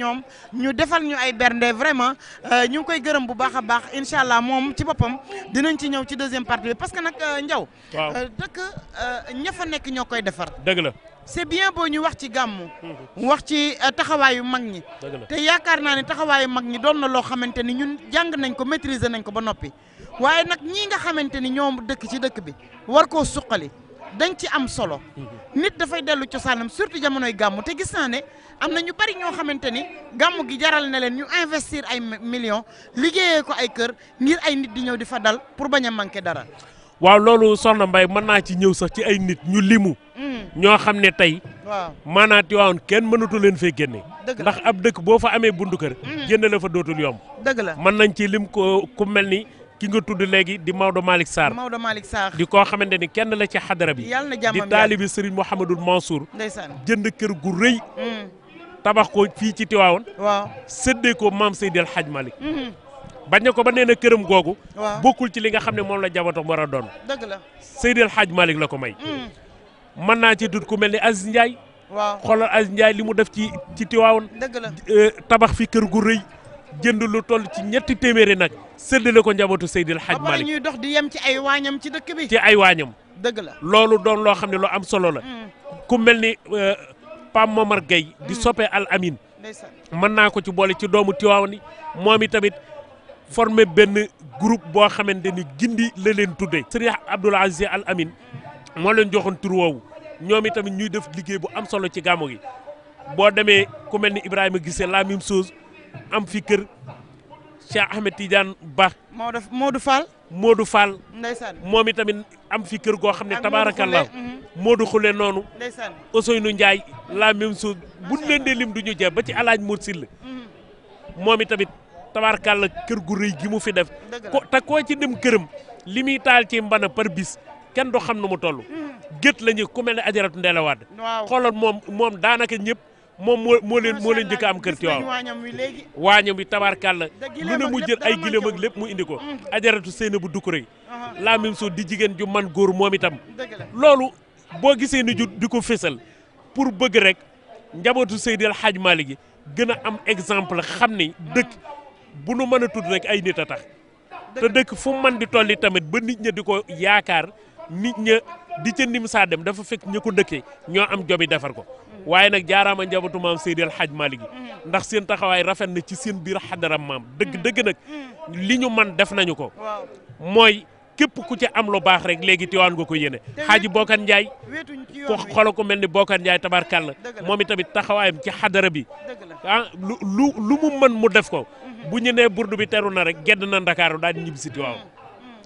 S4: ñoom ñu defal ñu ay bernde vraiment ñu koy gërëm bu baax a baax incha allah moom ci boppam dinañ ci ñëw ci deuxième partie parce que nag njaw waaw dëkk ña fa nekk ñoo koy defar. dëgg la. c'est bien boo ñu wax ci gàmmu mhm. wax ci euh, taxawaayu mag ñi te yaakaar naa ne taxawaayu mag ñi doon na loo xamante ni ñun jàng nañ ko maîtriser nañ ko ba noppi waaye nag ñii nga xamante ni ñoom dëkk ci dëkk bi war koo suqali dañ ci am solo mhm. nit dafay dellu cosaanam surtout jamonoy gàmmu te gis naa ne am na ñu bari ñoo xamante ni gàmmu gi jaral na leen ñu investir ay millions liggéeyee ko ay kër ngir ay nit di ñëw di fa dal pour bañ a manqué dara
S3: waaw loolu soxna Mbaye mën naa ci ñëw sax ci ay nit ñu limu ñoo xam ne tey maanaa Tiwaawoon kenn mënatu leen fee génne ndax ab dëkk boo fa amee buntu kër mm. génn la fa dootul yomb dëgg la mën nañ ci lim ko ku mel ni ki nga tudd léegi di Maodo Malick saar
S4: Maodo Malick Sarr
S3: di koo xamante ni kenn la ci xadara bi di taalibi Serigne Mouhamadul Mansour ndeysaan jënd kër gu rëy mm. tabax ko fii ci Tiwaawoon waaw séddee ko maam Seydi El malik Malick mm-hmm. bañ ko ba nee na këram googu bokkul ci li nga xam ne moom la jabato war a doon dëgg la Seydi El la ko may mm. mën naa ci dut ku mel ni Aziz Ndiaye. waaw xoolal Aziz Ndiaye li mu def ci ci Tiwaawoon. dëgg la euh, tabax fi kër gu rëy. jënd lu toll ci ñetti téeméeri nag séddale ko njabootu Seydil Hadj Malick ñuy dox di yem ci ay waañam ci dëkk bi. ci ay waañam. dëgg la loolu doon loo xam ne lu am solo la. Mm. ku mel ni euh, Pam Momar Gueye di mm. soppe Al Amin. mën naa ko ci boole ci doomu Tiwaawan yi moom i tamit formé benn groupe boo xamante ni gindi la leen tuddee. Serigne Abdoul Aziz Al Amin moo leen joxoon tur woowu ñoom itamit ñuy def liggéey bu am solo ci gàmmu gi boo demee ku mel ni Ibrahima gisee la même chose am fi kër Cheikh Ahmed Tidiane Ba. Maodo Maodo Fall. Maodo Fall. ndeysaan moom tamit am fi kër goo xam ne tabaarakallah. Maodo mhm. Khoule noonu. ndeysaan Ousseynou Ndiaye la même chose bu ñu dee lim du ñu jeex ba ci alaaj Mour Sylla mhm. moom itamit tabaarakallah kër gu rëy gi mu fi def. ko te koo ci dem këram li muy taal ci mbana par bis. kenn du xam nu mu toll. gët la ñuy ku mel na ajaratu Ndella Wade. xoolal moom moom daanaka ñëpp. moom moo moo leen moo leen njëkk am kër ci waaw waañam wi tabaarkàlla lu ne mu jël ay gileem ak lépp mu indi ko mm. ajaratu seen bu dukk rek la même chose di jigéen ju man góor moom itam loolu boo gisee ni ju di ko fésal pour bëgg rek njabootu Seydi El Hadj gi gën a am exemple xam ni dëkk mm. bu nu mën a tudd rek ay nit a tax te dëkk fu man di tolli tamit ba nit ña di ko yaakaar nit ña di ca nim saa dem dafa fekk ña ko dëkkee ñoo am jobi defar ko waaye nag jaaraama njabootu maam Seydi El Hadj Malick ndax seen taxawaay rafet na ci seen biir xadaram maam dëgg dëgg nag li ñu man def nañu ko mooy képp ku ci am lu baax rek léegi tiwaan nga ko yéene xaaji Bokan Ndiaye ko xoolal ko mel ni Bokan Ndiaye tabarkàlla moom itamit taxawaayam ci xadara bi ah lu lu lu mu mën mu def ko bu ñu nee burdu bi teru na rek gedd na Ndakaaru daal ñibbisi tiwaan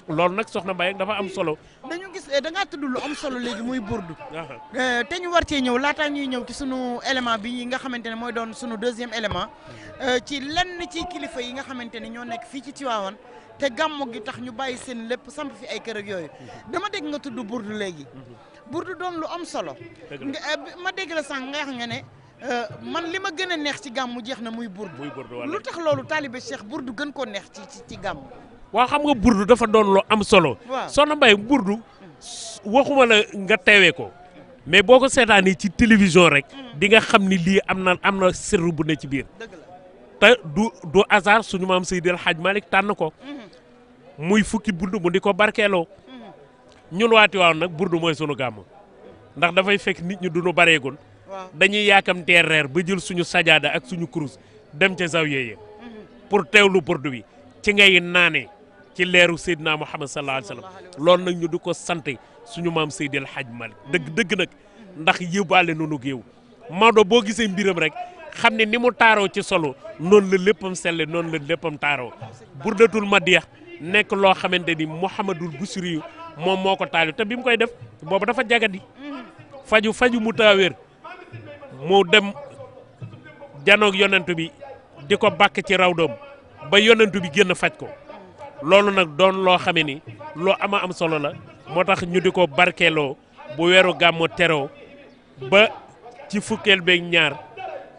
S3: loolu nag soxna Mbaye dafa am solo.
S4: dañu gis eh, da tudd lu am solo léegi muy burdu.
S3: Eh,
S4: te ñu war cee ñëw laataa ñuy ñëw ci sunu élément bi nga xamante ne mooy doon sunu deuxième élément eh, ci lenn ci kilifa yi nga xamante ne ñoo nekk fii ci Tivaouane te gàmmu gi tax ñu bàyyi seen lépp samp fi ay kër ak yooyu dama dégg nga tudd burdu léegi. burdu doon lu am solo. ma dégg la sànq nga wax nga ne. man li ma gën a neex ci gàmmu jeex na muy burdu. muy burdu lu tax loolu taalibe Cheikh burdu gën koo neex ci ci ci gàmmu.
S3: waa xam nga burdu dafa doon lu am solo. soo soxna Mbaye burdu waxuma la nga teewee ko. mais boo ko seetaanee ci télévision rek mm. di nga xam ni lii am na am na sirru bu ne ci biir te du du hasard suñu maam Seydi El Hadj Malick tànn ko mm-hmm. muy fukki burdu mu di ko barkeeloo mm-hmm. ñun waati waaw nag burdu mooy sunu gàmm ndax dafay fekk nit ñi duñu bareegul dañuy yaakamtee reer ba jël suñu sajaada ak suñu kurus dem ca zawiya yi mm-hmm. pour lu burdu bi ci ngay naanee ci leeru Seydina Muhammad sallallahu alayhi wa sallam loolu nag ñu di ko sante suñu maam Seydi El Hadj Malick dëgg dëgg nag ndax yóbbaale noonu géew Maodo boo gisee mbiram rek xam ne ni mu taaroo ci solo noonu la léppam selle noonu la léppam taaroo ma madiyax nekk loo xamante ni Mouhamadul Busiri moom moo ko taalif te bi mu koy def boobu dafa jagadi faju faju mu taawér mu dem janoog yonent bi di ko bàkk ci raw doom ba yonent bi génn faj ko loolu nag doon loo xame ni loo ama am solo la moo tax ñu di ko barkeeloo bu weeru gàmmu teroo ba ci fukkeel beeg ñaar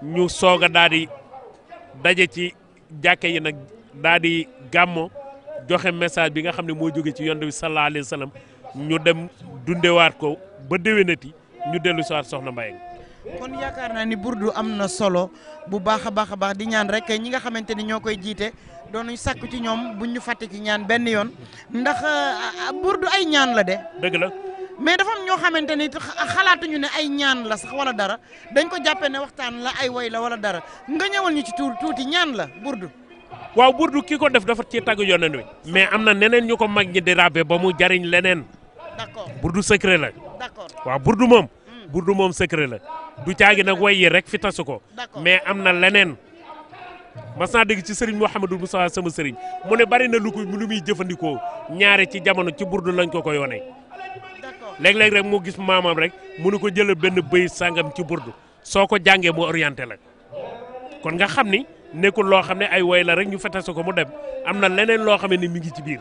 S3: ñu soog a daal daje ci jàkke yi nag daal di gàmmo joxe message bi nga xam ne moo jóge ci yonent bi sallallahu alayhi wa ñu dem dundewaat ko ba déwénati ñu dellu si waat soxna Mbayang
S4: kon yaakaar naa ni burdu am na solo bu baax a baax a baax di ñaan rek ñi nga xamante ni ñoo koy jiite doon ñu sàkk ci ñoom buñ ñu fàtte ci ñaan benn yoon ndax ah, burdu ay ñaan la de. dëgg la mais dafa am ñoo xamante ni xalaatuñu ne ay ñaan la sax wala dara dañ ko jàppee ne waxtaan la ay woy la wala dara nga ñëwal ñu ci tuur tuuti ñaan la burdu.
S3: waaw burdu ki ko def dafa ci tàgg yonen wi mais am na neneen ñu ko mag ñi di ràbbe ba mu jariñ leneen. d'accord burdu secret la. d'accord waaw burdu moom. burdu moom secret la du caagi nag way yi rek fi tasu ko mais am na leneen mas naa dégg ci sëriñ Mouhamadou Moussa sama sëriñ mu ne bari na lu ko lu muy jëfandikoo ñaare ci jamono ci burdu lañ ko ko yoonee léeg-léeg rek mu gis maamam rek mu ne ko jël benn bëy sàngam ci burdu soo ko jàngee mu orienté la kon nga xam ni nekkul loo xam ne ay woy la rek ñu fetase ko mu dem am na leneen loo xam ne mi ngi ci biir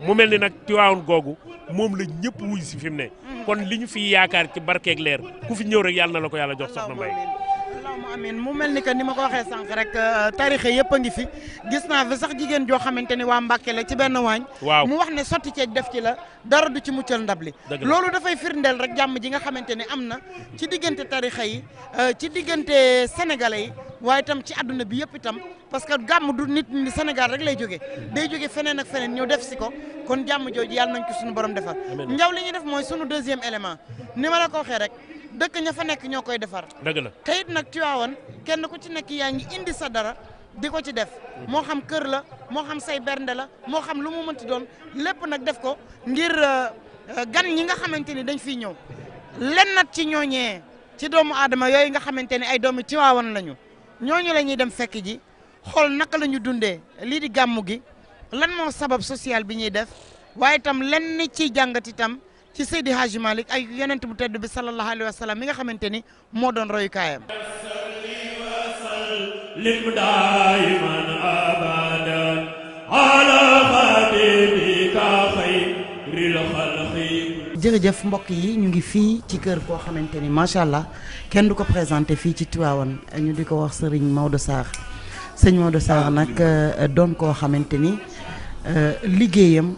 S3: mu mel ni nag Tiwaawoon googu moom la ñëpp wuy si fi mu ne mhm. kon li ñu fi yaakaar ci barkeeg leer ku fi ñëw rek yàlla na la ko yàlla jox soxna Mbaye
S4: allahumma amin mu mel ni que ni ma ko waxee sànq rek euh, tarixe yëpp a ngi fi gis naa fi sax jigéen joo xamante ni waa Mbàkke la ci benn waañ waaw mu wax ne sotti ceeg def ci la dara du ci muccal ndab li loolu dafay firndeel rek jàmm ji nga xamante ne am na ci diggante tarixe yi euh, ci diggante sénégalais waaye itam ci àdduna bi yëpp itam parce que gàmm du nit ñi Sénégal rek lay jóge day jóge feneen ak feneen ñëw def si ko kon jàmm jooju yàlla nañ ko suñu borom defar njaw li ñuy def mooy suñu deuxième élément ni ma la ko waxee rek dëkk ña fa nekk ñoo koy defar dëgg la te it nag Tiwaawan kenn ku ci nekk yaa ngi indi sa dara di ko ci def moo xam kër la moo xam say bernde la moo xam lu mu mënti doon lépp nag def ko ngir euh, euh, gan ñi nga xamante ni dañ fi ñëw lennat ci ñooñee ci doomu aadama yooyu nga xamante ne ay doomu Tiwaawan lañu ñooñu la ñuy dem fekk ji xool naka lañu dundee lii di gàmmu gi lan moo sabab social bi ñuy def waaye tam lenn ci jàngat itam ci Seydi Hadji Malick ay yonent bu tedd bi sallallahu alayhi wa mi nga xamante ni moo doon royukaayam lim jërëjëf mbokk yi ñu ngi fii ci kër koo xamante ni macha allah kenn du ko présenté fii ci tiwaawan ñu di ko wax sëriñ Maodo Sarr sëñ Maodo Sarr nag euh, doon koo xamante ni euh, liggéeyam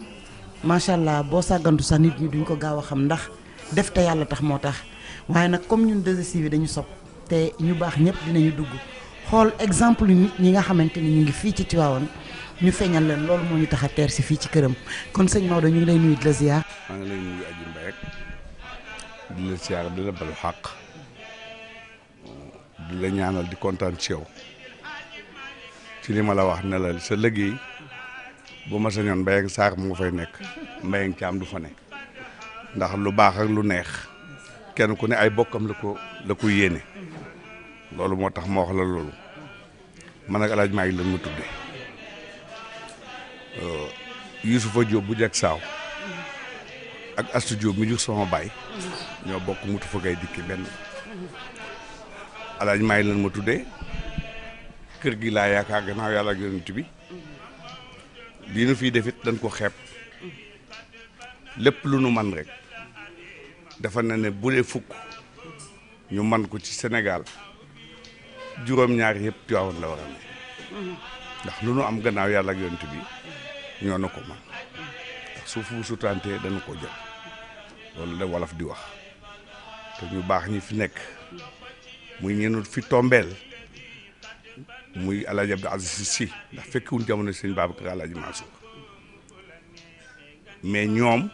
S4: macha allah boo sàggantu sax nit ñi duñ ko gaaw a xam ndax def te yàlla tax moo tax waaye nag comme ñun 2STV dañu sopp te ñu baax ñëpp dinañu dugg xool exemple nit ñi nga xamante ni ñu ngi fii ci Tivaouane ñu feeñal leen loolu moo ñu tax a teer si fii ci këram kon sëñ Maodo ñu ngi
S2: di la siyaar di la bal xàq di la ñaanal di kontaan ci yow ci li ma la wax ne la sa liggéey bu ma sañoon ñoon ak saak mu nga fay nekk mbéy ak caam du fa ne ndax lu baax ak lu neex kenn ku ne ay bokkam la ko la ko yéene loolu moo tax ma wax la loolu man ak alaaj maa ngi lan ma tudde euh, Yusufa Jóob bu jag saaw ak Astou Diop mi jur sama baay ñoo bokk mutu fa gay dikki benn alaaj maay lan ma tuddee kër gi laa yaakaar gannaaw yàlla ak yonent bi lii nu fiy defit dañ ko xeeb lépp lu nu man rek dafa ne ne bu dee fukk ñu man ko ci Sénégal juróom-ñaar yëpp Tiwaawan la war ndax lu nu am gannaaw yàlla ak bi ñoo na ko man ndax suuf bu sutante ko jël loolu la wolof di wax te ñu baax ñi fi nekk muy ñenut fi tombel muy El Hadj Abdou Aziz Sy ndax fekkiwuñ jamono sëñ Babacar El Hadj Mansour mais ñoom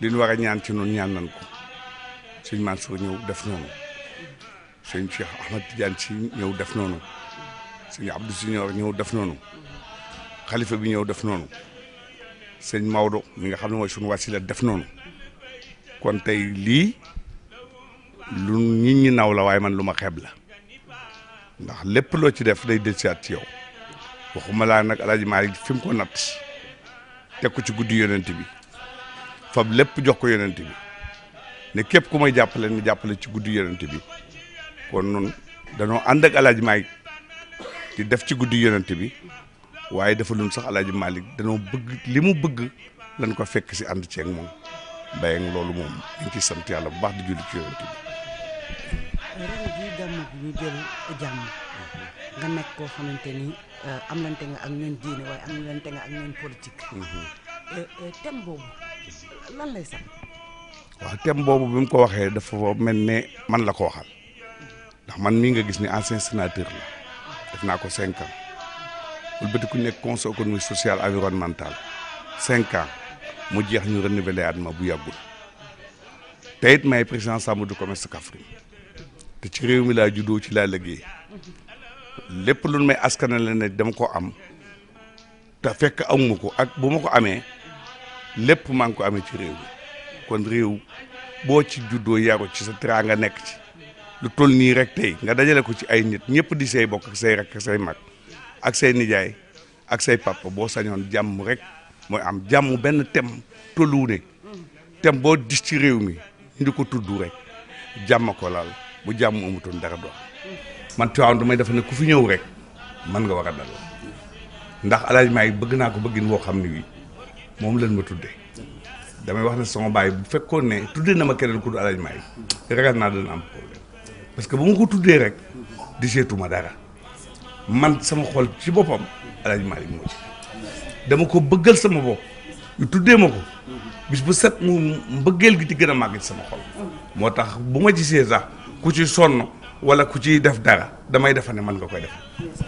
S2: li ñu war a ñaan ci noonu ñaan nañ ko sëñ Mansour ñëw def noonu sëñ Cheikh Ahmad Tidiane Sy ñëw def noonu sëñ Abdou Sinior ñëw def noonu xalifa bi ñëw def noonu sëñ Maodo mi nga xam ne mooy suñu wasila def noonu. kon tey lii lu nit ñi naw la waaye man lu ma xeb la ndax lépp loo ci def day dellusiwaat ci yow waxuma laa nag alaaji Maalik fi mu ko natt teg ci guddi yonent bi fab lépp jox ko yonent bi ne képp ku may jàppale ni jàppale ci guddi yonent bi kon nun danoo ànd ak alaaji Maalik di def ci guddi yonent bi waaye dafa lun sax alaaji Maalik danoo bëgg li mu bëgg lañ ko fekk si ànd ceeg moom bay ak loolu moom dañ ciy sant yàlla bu baax di julli ci yonent bi.
S5: ren ñu jël jàmm mhm. nga nekk ni euh,
S4: am lante nga ak ñoom am lante nga ak mhm.
S7: euh,
S4: euh, boobu lan lay sax.
S2: waaw thème boobu bi mu ko waxee dafa mel ne man la ko waxal ndax man mii nga gis ni ancien sénateur la def naa ko cinq ans wala bëti ku nekk conseil économique social environnemental cinq ans. mu jeex ñu renouveler at ma bu yàggul it may président chambre du commerce Kaffrine te ci réew mi laa juddoo ci laa liggéey lépp lu may askanale ne dama ko am te fekk amu ko ak bu ma ko amee lépp maa ngi ko amee ci réew mi kon réew boo ci juddoo yaru ci sa nga nekk ci lu toll nii rek tey nga dajale ko ci ay nit ñëpp di say bokk ak say rakk say mag ak say nijaay ak say papa boo sañoon jàmm rek mooy am jàmm benn thème tolluwu ne thème boo dis ci réew mi ñu di ko tudd rek jàmma ko laal bu jàmm amutoon dara doon man Tiwaawan damay dafa ne ku fi ñëw rek man nga war a dal ndax alaajumaa yi bëgg naa ko bëggin woo xam ne wi moom lañ ma tudde damay wax ne sama baay bu fekkoon ne tuddee na ma keneen ku du alaajumaa yi ragal naa dana am parce que bu ma ko tuddee rek di seetuma dara man sama xol ci boppam alaajumaa yi moo dama ko bëggal sama bopp yu tuddee ma ko bis bu set mu mbëggeel gi di gën a màgg sama xol moo tax bu ma jisee sax ku ci sonn wala ku ci def dara damay defa ne man nga koy def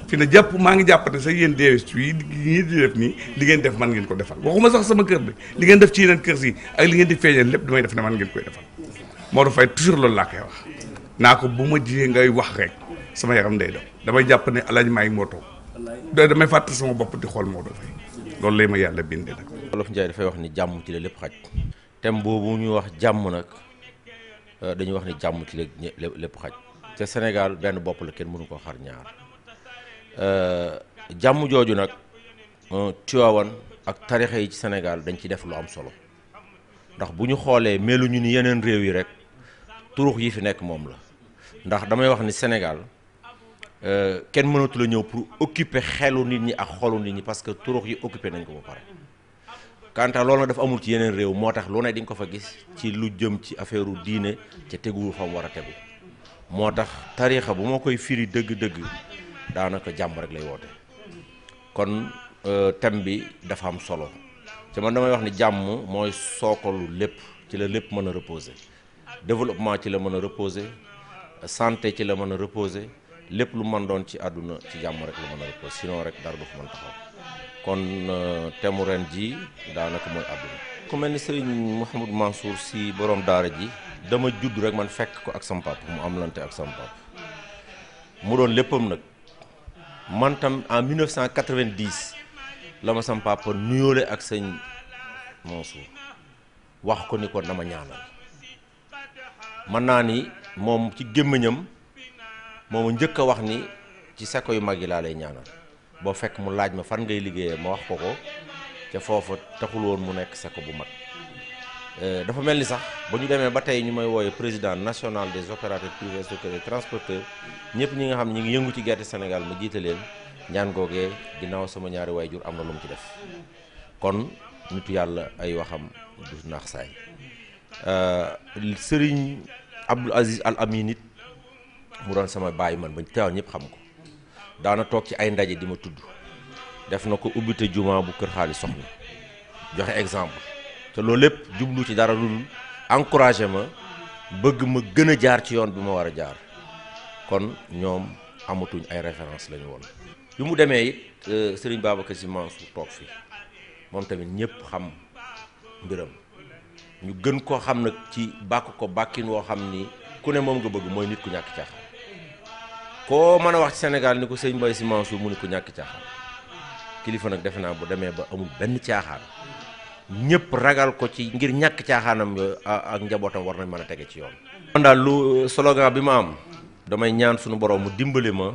S2: fi ne jàpp maa ngi jàpp ne sax yéen deewist yi ñii di def nii li ngeen def man ngeen ko defal waxuma sax sama kër bi li ngeen def ci yeneen kër si ak li ngeen di feeñal lépp damay def ne man ngeen koy defal moo da fay toujours loolu laa koy wax naa ko bu ma jiyee ngay wax rek sama yaram day daw damay jàpp ne alaaj maa ngi moo toog damay fàtte sama bopp di xool moo do loolu lay ma yàlla binde nag. Wolof Njaay dafay wax ni jàmm ci la lépp xaj
S10: thème boobu ñu wax jàmm nag euh, dañuy wax ni jàmm ci la lépp xaj ca Sénégal benn bopp la kenn mënu koo xar ñaar euh, jàmm jooju nag euh, Tiwaawan ak tarixa yi ci Sénégal dañ ci def lu am solo ndax bu ñu xoolee meluñu ni yeneen réew yi rek turux yi fi nekk moom la ndax damay wax ni Sénégal. Euh, kenn mënatu la ñëw pour occuper xelu nit ñi ak xolu nit ñi parce que turux yi occupé nañ ko ba pare. quant à loolu nag dafa amul ci yeneen réew moo tax lu ne di ko fa gis ci lu jëm ci affaire diine ca tegu fa mu war a tegu moo tax tariixa bu moo koy firi dëgg-dëgg daanaka jàmm rek lay woote kon euh, thème bi dafa am solo ci man damay wax ni jàmm mooy sookalu lépp ci la lépp mën a reposer développement ci la mën a reposer santé ci la mën a reposer. lépp lu man doon ci àdduna ci jàmm rek lu mën a ko sinon rek dara du fa mën taxaw kon euh, temu ren ji daanaka mooy àdduna ku mel ni sëriñ Mouhamadou Mansour si boroom daara ji dama judd rek man fekk ko ak sama papa mu am lante ak sama papa mu doon léppam nag man tam en 1990 la ma sama papa nuyoole ak sëñ Mansour wax ko ni ko dama ñaanal mën naa ni moom ci gémmiñam mooma njëkk a wax ni ci seko yu mag yi laa lay ñaanal boo fekk mu laaj ma fan ngay liggéeyee ma wax ko ko ca foofa taxul woon mu nekk seko bu mag euh, dafa mel ni sax ba ñu demee ba tey ñu may wooye président national des opérateurs privés secteur transporteurs ñëpp ñi nga xam ñi ngi yëngu ci gerte Sénégal ma jiite leen ñaan googee ginnaaw sama ñaari jur am na lu mu ci def kon nitu yàlla ay waxam du naax saay euh, sëriñ Abdou Aziz Al Amin it mu doon sama bàyyi man bañ teew ñëpp xam ko daana toog ci ay ndaje di ma tudd def na ko ubbite juma bu kër xaalis soxna joxe exemple te loolu lépp jublu ci dara lu dul encouragé ma bëgg ma gën a jaar ci yoon bi ma war a jaar kon ñoom amatuñ ay référence lañu ñu woon bi mu demee it euh, Serigne Babacar Sy Mansour toog fii moom tamit ñëpp xam mbiram ñu gën koo xam nag ci bàkk ko bàkkin woo xam ni ku ne moom nga bëgg mooy nit ku ñàkk caaxaan koo mën a wax ci Sénégal ni ko sëñ mu ni ko ñàkk nag defe naa bu demee ba amul benn ragal ko ci ngir ñàkk caaxaanam ak njabootam war nañ mën a tege ci yoon. man daal lu euh, slogan bi ma am damay ñaan suñu borom mu dimbali ma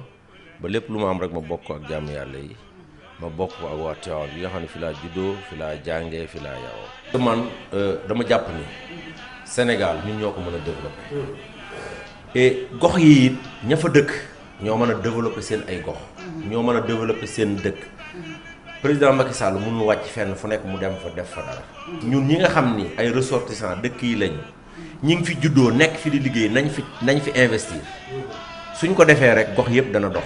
S10: ba lépp lu ma am rek ma bokk ko ak jàmm yàlla yi ma laa juddoo fi laa jàngee fi euh, dama jàpp ni Sénégal mën a développé. Mm. et gox yi it ña fa dëkk. ñoo mën a développer seen ay gox. ñoo mën a développer seen dëkk. président Macky Sall mënul wàcc fenn fu nekk mu dem fa def fa dara. ñun ñi nga xam ni ay ressortissants dëkk yi lañu. ñi ngi fi juddoo nekk fi di liggéey nañ fi nañ fi investir. suñ ko defee rek gox yëpp dana dox.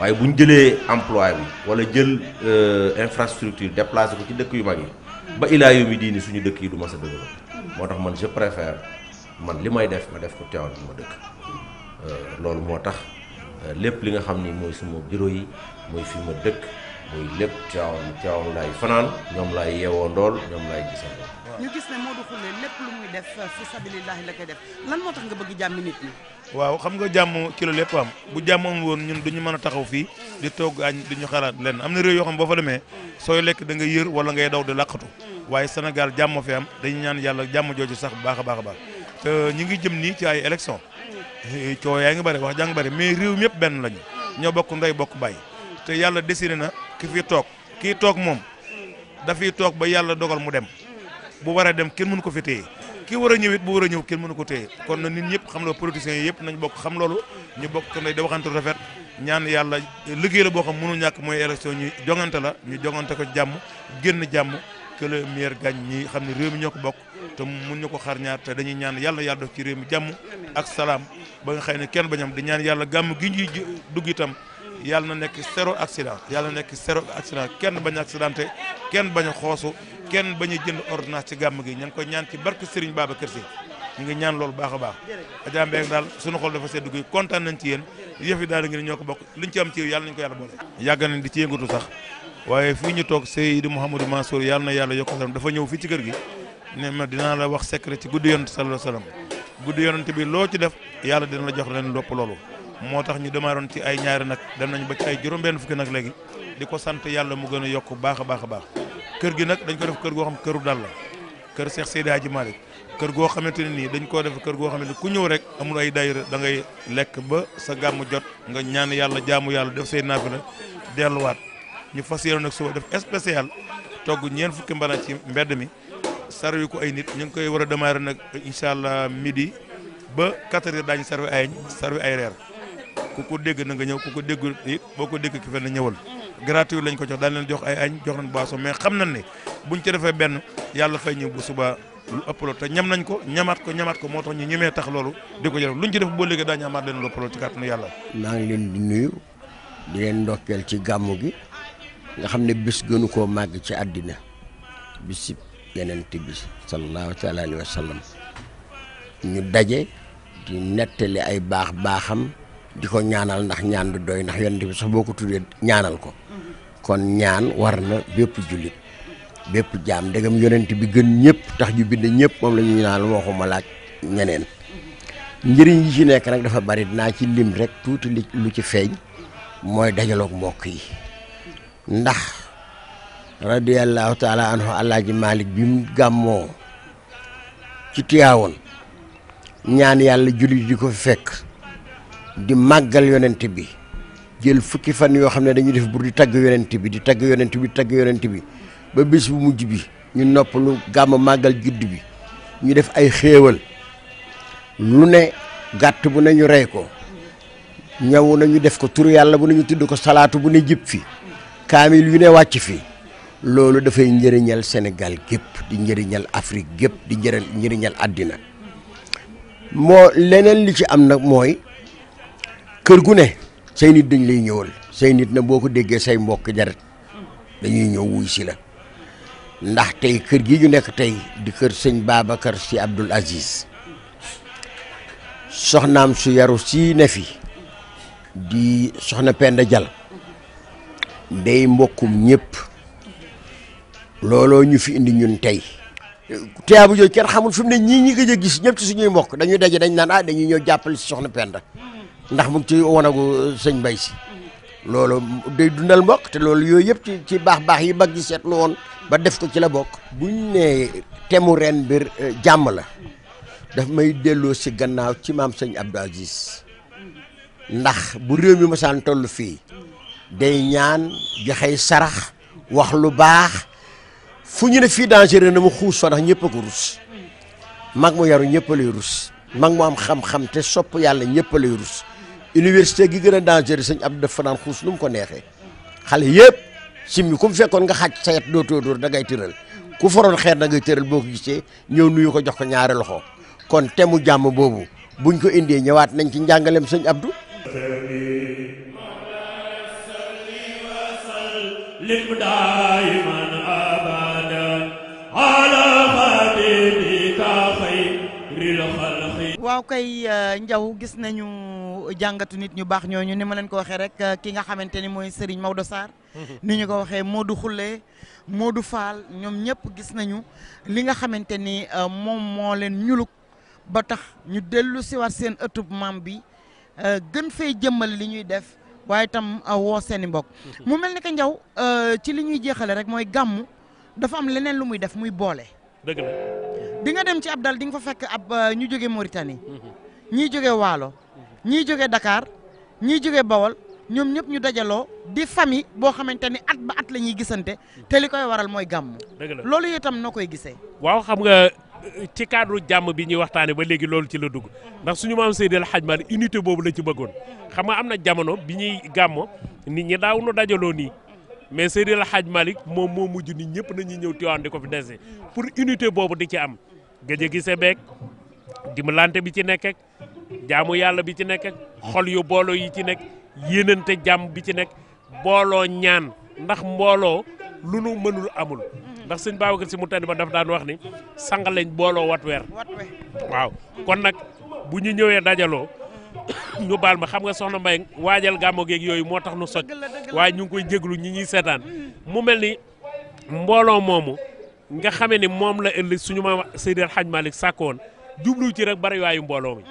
S10: waaye bu ñu jëlee emploi bi wala jël euh, infrastructure déplacé ko ci dëkk yu mag yi. ba ilaa yomi diini suñu dëkk yi du ma sa développé. moo tax man je préfère man li may def ma def ko teewal bi ma dëkk. Euh, loolu moo tax. lépp li nga xam ni mooy suma bureau yi mooy fi ma dëkk mooy lépp Tivaouane Tivaouane laay fanaan ñoom laay yeewoo ndool ñoom laay gisandoo. ñu
S7: gis ne
S4: Modou Khoule lépp lu muy def fi sabilillahi la koy def lan moo tax nga bëgg jàmm
S5: nit ñi.
S1: waaw xam nga jàmm kilo la lépp am bu jàmm am woon ñun dañu mën a taxaw fii di togg añ ñu xalaat lenn am na réew yoo xam boo fa demee sooy lekk da nga yër wala ngay daw di làqatu waaye Sénégal jàmm fi am dañu ñaan yàlla jàmm jooju sax baax a baax a baax ñu ngi jëm nii ci ay élection Eh, coow yaa ngi bëri wax jàng bëri mais réew mi yëpp benn lañu ñoo bokk ndey bokk bay te yàlla décidé na ki fi toog kii toog moom dafiy toog ba yàlla dogal mu dem bu war a dem kenn mënu ko fi téye ki war a ñëw it war a ñëw kenn mënu ko téye kon na nit ñëpp xam loolu politiciens yi yëpp nañ bokk xam loolu ñu bokk ndey da waxante rafet ñaan yàlla liggéey la boo xam mënu ñàkk mooy élection ñu jongante la ñu jongante ko jàmm génn jàmm que le meilleur gagne ñi xam ne réew mi ñoo ko bokk te mun ñu ko xar ñaar te dañuy ñaan yàlla yàlla def ci réew mi jàmm ak salaam ba nga xëy ne kenn bañam di ñaan yàlla gàmm gi ñu ñuy dugg itam yàlla na nekk zéro accident yàlla na nekk zéro accident kenn bañ a accidenté kenn bañ a xoosu kenn bañ jënd ordonnance ci gàmm gi ña ngi koy ñaan ci barke Serigne Babacar Sy ñu ngi ñaan loolu baax a baax Adja Mbengue daal suñu xol dafa seddu gi kontaan nañ ci yéen yëf yi daal ngi ñoo ko bokk liñ ci am ci yàlla nañ ko yàlla boole yàgg nañ di ci yëngatu sax waaye fii ñu toog Seydi Mouhamadou Mansour yàlla na yàlla yokk dafa ñëw fii ci kër gi ne ma dinaa la wax secret ci guddi yonent sallallahu alayhi wasallam guddi yonent bi loo ci def yàlla dina la jox leen lopp loolu moo tax ñu démarroon ci ay ñaari nag dem nañu ba ci ay juróom-benn fukki nag léegi di ko sant yàlla mu gën a yokk baax a baax a baax kër gi nag dañ ko def kër goo xam këru dal la kër Cheikh Seydi Hadji Malick kër goo xamante ne nii dañ koo def kër goo xam ne ku ñëw rek amul ay daayira da ngay lekk ba sa gàmm jot nga ñaan yàlla jaamu yàlla def say naafila delluwaat ñu fas yéene nag suba def spécial togg ñeent fukki mbana ci mbedd mi sarwi ko ay nit ñu ngi koy war a démarrer nag incha allah midi ba 4 heures daañu sarwi ay sarwi ay reer ku ko dégg na ñëw ku ko dégg boo ko dégg ki fenn ñëwal. gratuit lañ ko jox daañu leen jox ay añ jox nañ mais xam nañ ne buñ ci defee benn yàlla fay ñu bu suba ëpp loolu te ñam nañ ko ñamaat ko ñamaat ko moo tax ñu ñemee tax loolu di ko jël luñ ci def boo léegi daañu amaat leen lu ëpp loolu ci kàttanu yàlla.
S11: maa ngi leen di nuyu di leen ndokkeel ci gàmmu gi nga xam ne bis gënu koo màgg ci àddina bis yonent bi sallallahu taala alayhi wa sallam ñu daje di nettali ay baax baaxam di ko ñaanal ndax ñaan du doy ndax yonent bi sax boo ko tuddee ñaanal ko kon ñaan war na bépp jullit bépp jaam ndegam yonent bi gën ñëpp tax ñu bind ñëpp moom la ñu naan waxuma laaj ñeneen njëriñ yi ci nekk nag dafa bari dinaa ci lim rek tuuti lu ci feeñ mooy dajalook mbokk yi ndax radiyallahu taala anhu alaaji Malick bi mu gàmmoo ci Tiwaawoon ñaan yàlla jullit di ko fekk di màggal yonent bi jël fukki fan yoo xam ne dañuy def bur di tagg yonent bi di tagg yonent bi di tagg bi ba bis bu mujj bi ñu noppalu gàmm màggal judd bi ñu def ay xéewal lu ne gàtt bu nañu rey ko ñaw nañu def ko tur yàlla bu nañu tidd ko salaatu bu ne jëpp fi kaamil yu ne wàcc fi loolu dafay njëriñal senegal gépp di njëriñal Afrique gépp di njëriñ njëriñal àddina moo leneen li ci am nag mooy kër gu ne say nit dañ lay ñëwal say nit na boo ko déggee say mbokk jaret dañuy ñëw wuy si la ndax tey kër gi ñu nekk tey di kër sëñ Babacar si Abdoul Aziz soxnaam su yaru si ne fi di soxna Penda Jal day mbokkum ñépp looloo ñu fi indi ñun tey tiyaabu jooju kenn xamul fi mu ne ñii ñi gëj a gis ñëpp ci suñuy mbokk dañuy daje dañ naan ah dañuy ñëw jàppale ci soxna Penda ndax mu ngi ci wanagu sëñ Mbay si looloo day dundal mbokk te loolu yooyu yëpp ci baax baax yi mag gi seetlu woon ba def ko ci la bokk bu buñ ne temu ren bir euh, jàmm la daf may delloo si gannaaw ci maam sëñ Abdou Aziz ndax bu réew mi masaan toll fii day ñaan joxey sarax wax lu baax fu ñu ne fii dangereux na mu xuus fa ndax ñëpp ko rus mag mu yaru ñëpp a lay mag mu am xam-xam te sopp yàlla ñëpp a lay rus université gi gën a dangereux sëñ Abdou dafa daan xuus nu mu ko neexee xale yëpp simmi ku mu fekkoon nga xaaj sayet too dóor da ngay tëral ku foroon xeer da ngay tëral boo ko gisee ñëw nuyu ko jox ko ñaari loxo kon te mu jàmm boobu buñ ko indee ñëwaat nañ ci njàngaleem sëñ Abdou
S3: للمدائمان
S4: waaw kay euh, njaw gis nañu jàngatu nit ñu baax ñooñu ni ma leen ko waxee rek euh, ki nga xamante ni mooy Serigne Maodo Sarr mhm. ni ñu ko waxee moo du Modou moo du Fall ñoom ñëpp gis nañu li nga xamante ni euh, moom moo leen ñuluk ba tax ñu dellu siwaat seen ëttub maam bi gën fay jëmmal li ñuy def waaye tam woo seeni i mbokk mhm. mu mel ni que njaw ci li ñuy jeexale rek mooy gàmmu dafa am leneen lu muy def muy boole. dëgg la nga dem ci ab dal dinga nga fa fekk ab euh, ñu jóge Mauritanie. ñii jóge Waalo. ñii jóge dakaar ñii jóge Bawol ñoom ñëpp ñu dajaloo di famille boo xamante ni at at la ñuy gisante te waral mooy gàmm. dëgg la loolu itam noo koy gisee.
S3: waaw xam nga euh, ci cadre jàmm bi ñuy waxtaanee ba léegi loolu ci la dugg ndax suñu maam Seydi xaj ma Malick unité boobu la ci bëggoon xam nga am na jamono bi ñuy gàmmo nit ñi daaw nu dajaloo nii. mais Seydi la xaaj Malick moom moo mujj nit ñëpp nañuy ñëw Tiwaawan di ko fi dese pour unité boobu di ci am gëj a gise beeg bi ci nekkeek ak jaamu yàlla bi ci nekk ak xol yu booloo yi ci nekk yéenante jàmm bi ci nekk booloo ñaan ndax mbooloo lu nu mënul amul ndax baa Babacar Si mu tànn ba daf daan wax ni sang lañ booloo wat weer waaw kon nag bu ñu ñëwee dajaloo ñu baal ma xam nga soxna Mbaye waajal gàmmo geeg yooyu moo tax nu soj waaye ñu ngi koy jéglu ñi ñuy seetaan mu mel ni mbooloo moomu nga xamee ni moom la ëllëg suñu ma Seydi Hadj Malick sàkk woon jublu ci rek bari waayu mbooloo mi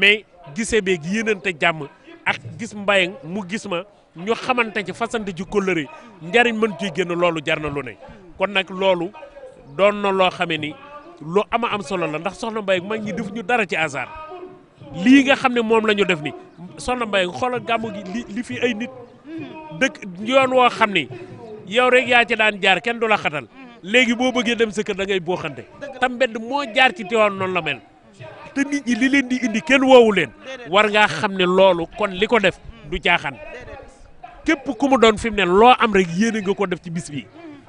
S3: mais gisee beeg yéenante jàmm ak gis Mbaye mu gis ma ñu xamante ci fasante ci kóllëre njariñ mën ciy génn loolu jar na lu ne kon nag loolu doon na loo xamee ni lu ama am solo la ndax soxna Mbaye mag ñi def ñu dara ci hasard lii nga xam ne moom la ñu def ni soxna mbay xoolal gàmmu gi li li fi ay nit dëkk yoon woo xam ni yow rek yaa ci daan jaar kenn du la xatal léegi boo bëggee dem sa kër da ngay booxante tam mbedd moo jaar ci Tiwaawan noonu la mel te nit ñi li leen di indi kenn woowu leen war ngaa xam ne loolu kon li ko def du caaxaan képp ku mu doon fi mu ne loo am rek yéene nga ko def ci bis bi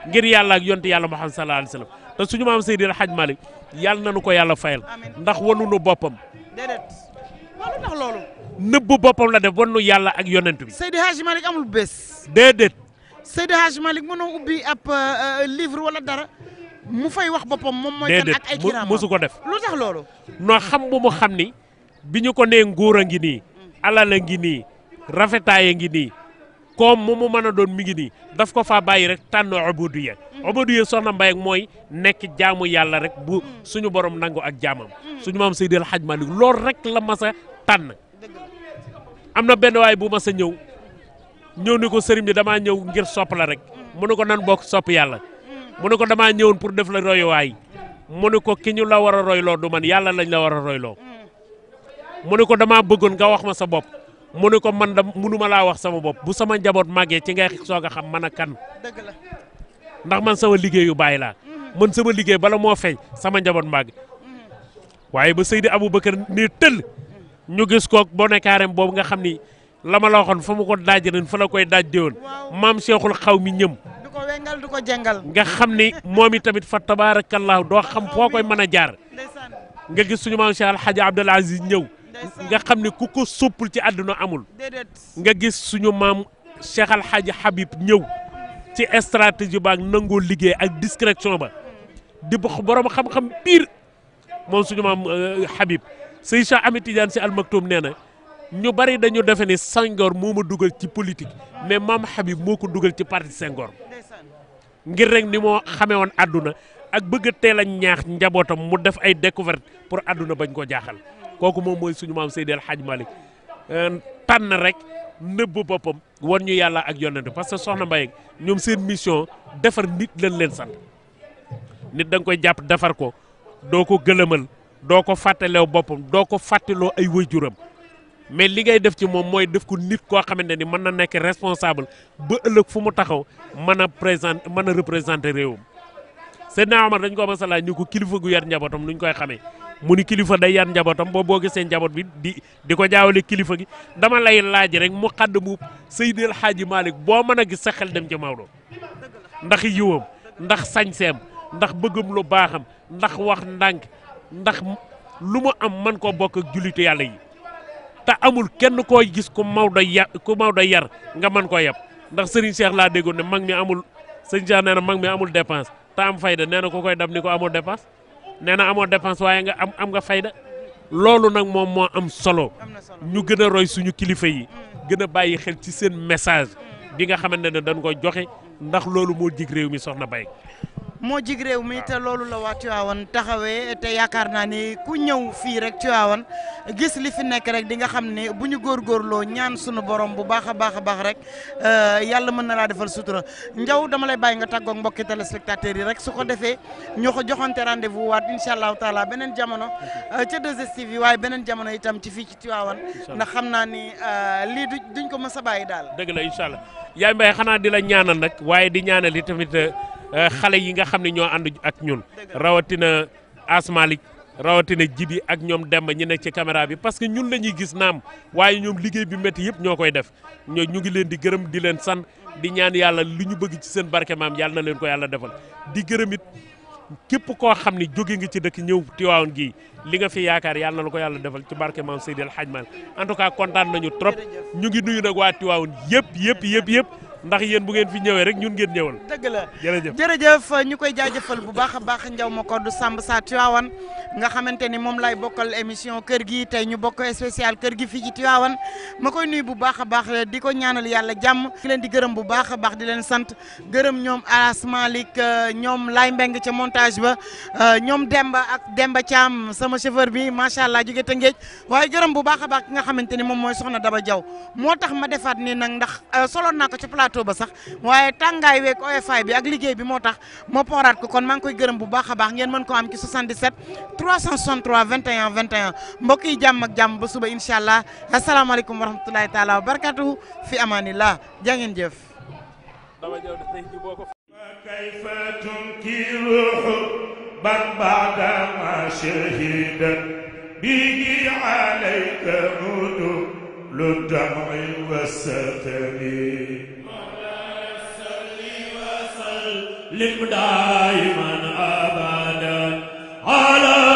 S3: ngir yàlla ak yonte yàlla Muhammad sallallahu alayhi wa sallam te suñu maam Seydil Hadj Malick yàlla na nu ko yàlla fayal ndax wanunu boppam.
S8: déedéet loolu
S3: ndax boppam la def wanu yàlla ak yonent bi.
S4: Seydi Hadji Malick amul bés. déedéet. Seydi Hadji Malick mënoo ubbi ab euh, euh, livre wala dara mu fay wax boppam moom mooy. kan ak ay kiraamam mosu
S3: ko def. lu tax loolu. noo xam bu mu xam ni bi ñu ko nee nguur a ngi nii. alal a ngi nii rafetaay a ngi nii. koom mu mu mën a doon mi ngi nii daf ko faa bàyyi rek tànn ubudiya mm-hmm. ubudiya soxna Mbaye ak mooy nekk jaamu yàlla rek bu mm-hmm. suñu borom nangu ak jaamam mm-hmm. suñu maam Seydi El Hadj Malick loolu rek la mas a tànn am na benn waay bu masa ñëw ñëw ni ko sëriñ bi damaa ñëw ngir sopp la rek mu ne ko nan bokk sopp yàlla mu ne ko damaa ñëwoon pour def la royuwaay mu ne ko ki ñu la war a royloo du man yàlla lañ la war a royloo mu ne ko damaa bëggoon nga wax ma sa bopp mu ne ko man da mënuma laa wax sama bopp bu sama njaboot màggee ci ngay soog a xam man a kan la ndax man sama liggéeyu bàyyi laa man sama liggéey bala moo feeñ sama njaboot màgg waaye ba Seydi Aboubacar ne tëll ñu gis koog bonekaarem boobu nga xam ni la ma la waxoon fa mu ko daaj ren fa la koy daaj déwoon maam Cheikhul xaw mi ñëm ko wengal nga xam ni moom i tamit fa tabaarakallaahu doo xam foo koy mën a jaar nga gis suñu maam Cheikh Alhaji Abdoul Aziz ñëw nga xam ne ku ko soppul ci àdduna amul nga gis suñu maam Cheikh Al Hadj Habib ñëw ci stratégie ba nangoo liggéey ak discrétion ba di box borom xam-xam biir moom suñu maam euh, Habib sëñ Cheikh Ahmed Tidiane si almaktoum nee na ñu bari dañu defe ne Senghor moo ma dugal ci politique mais maam Habib moo ko dugal ci parti Senghor ngir rek ni moo xamee woon àdduna ak bëgg a teel a ñaax njabootam mu def ay découverte pour àdduna bañ ko jaaxal kooku moom mooy suñu maam Seydi El Hadj Malick euh, tànn rek nëbb boppam war ñu yàlla ak yonent parce que soxna Mbaye ñoom seen mission defar nit lañ leen sant nit da koy jàpp defar ko doo ko gëlëmal doo ko fàttaloo boppam doo ko fàtteloo ay waajuram mais li ngay def ci moom mooy def ko nit koo xamante ni mën na nekk responsable ba ëllëg fu mu taxaw mën a présente mën a représenter réewam Seydina Omar dañ ko masala ñu ko kilifa gu yar njabootam nuñ koy xamee mu ni kilifa day yar njabootam boo boo gisee njaboot bi di di ko jaawale kilifa gi dama lay laaj rek mu xadd mu Seydil Hadji Malick boo mën a gis sa xel dem ci Maodo ndax yiwam ndax sañseem ndax bëggam lu baaxam ndax wax ndànk ndax lu mu am man koo bokk ak yàlla yi te amul kenn koo gis ku Maodo yar ku Maodo yar nga man koo yab ndax Serigne Cheikh laa déggoon ne mag mi amul Serigne Cheikh nee mag mi amul dépense te am fayda nee na ku koy dab ni ko amul dépense nee na amoo dépense waaye nga am am nga fayda loolu nag moom moo am solo ñu gën a roy suñu kilifa yi mm. gën a bàyyi xel ci seen message mm. bi nga xamante ne dañ ko joxe ndax loolu moo jig réew mi soxna Baye.
S4: moo jig réew mi te loolu la waa Tiwaawan taxawee te yaakaar naa ni ku ñëw fii rek Tiwaawan gis li fi nekk rek di nga xam ni bu ñu góor góorloo ñaan sunu borom bu baax a baax a baax rek euh, yàlla mën na laa defal sutura njaw dama lay bàyyi nga tàggoo ak mbokki téléspectateurs yi rek su ko defee ñoo ko joxante rendez-vous waat incha allahu taala beneen jamono euh, ca 2STV yi waaye beneen jamono itam ci fii ci Tiwaawan ndax xam naa ni euh, lii duñ ko mës a bàyyi daal
S3: dëgg la incha allah xanaa di la ñaanal nag waaye di ñaanal tamit Euh, xale yi nga xam ne ñoo ànd ak ñun rawatina Asmalik rawatina jibi ak ñoom demb ñi nekk ci caméra bi parce que ñun la ñuy gis naam waaye ñoom liggéey bi métti yëpp ñoo koy def ñoo ñu ngi leen di gërëm di leen san di ñaan yàlla li ñu bëgg ci seen barke maam yàlla na leen ko yàlla defal di gërëm it képp koo xam ni jóge nga ci dëkk ñëw Tiwaawan gi li nga fi yaakaar yàlla na la ko yàlla defal ci barke maam Seydi El Hadj Mal en tout cas kontaan nañu trop ñu ngi nuyu nag waa Tiwaawan yëpp yëpp yëpp yëpp ndax yéen bu ngeen fi ñëwee rek ñun ngeen ñëwal. dëgg la
S4: jërëjëf ñu koy jaajëfal bu baax a baax Ndiaw Macodou Samb sa Tivaouane nga xamante ni moom lay bokkal émission kër gi tey ñu bokk spécial kër gi fii ci Tivaouane ma koy nuyu bu baax a baax di ko ñaanal yàlla jàmm fi leen di gërëm bu baax a baax di leen sant gërëm ñoom Alas Malick euh, ñoom Lay Mbeng ca montage ba euh, ñoom Demba ak Demba Thiam sama chauffeur bi macha allah jóge Tëngéej waaye gërëm bu baax a baax ki nga xamante ni moom mooy soxna Daba Diaw moo plateau ba sax waaye tàngaay weeg OFI bi ak liggéey bi moo tax ma pooraat ko kon maa ngi koy gërëm bu baax a baax ngeen mën koo am ci 77 363 21 21 mbokk yi jàmm ak jàmm ba suba incha allah asalaamaaleykum wa rahmatulahi taala wa barakatuhu fi amaanillah jaa ngeen jëf.
S3: كيف
S1: تنكره بل بعدما شهد به عليك مدل
S2: الدمع والسفر
S3: العلم دائما أبدا على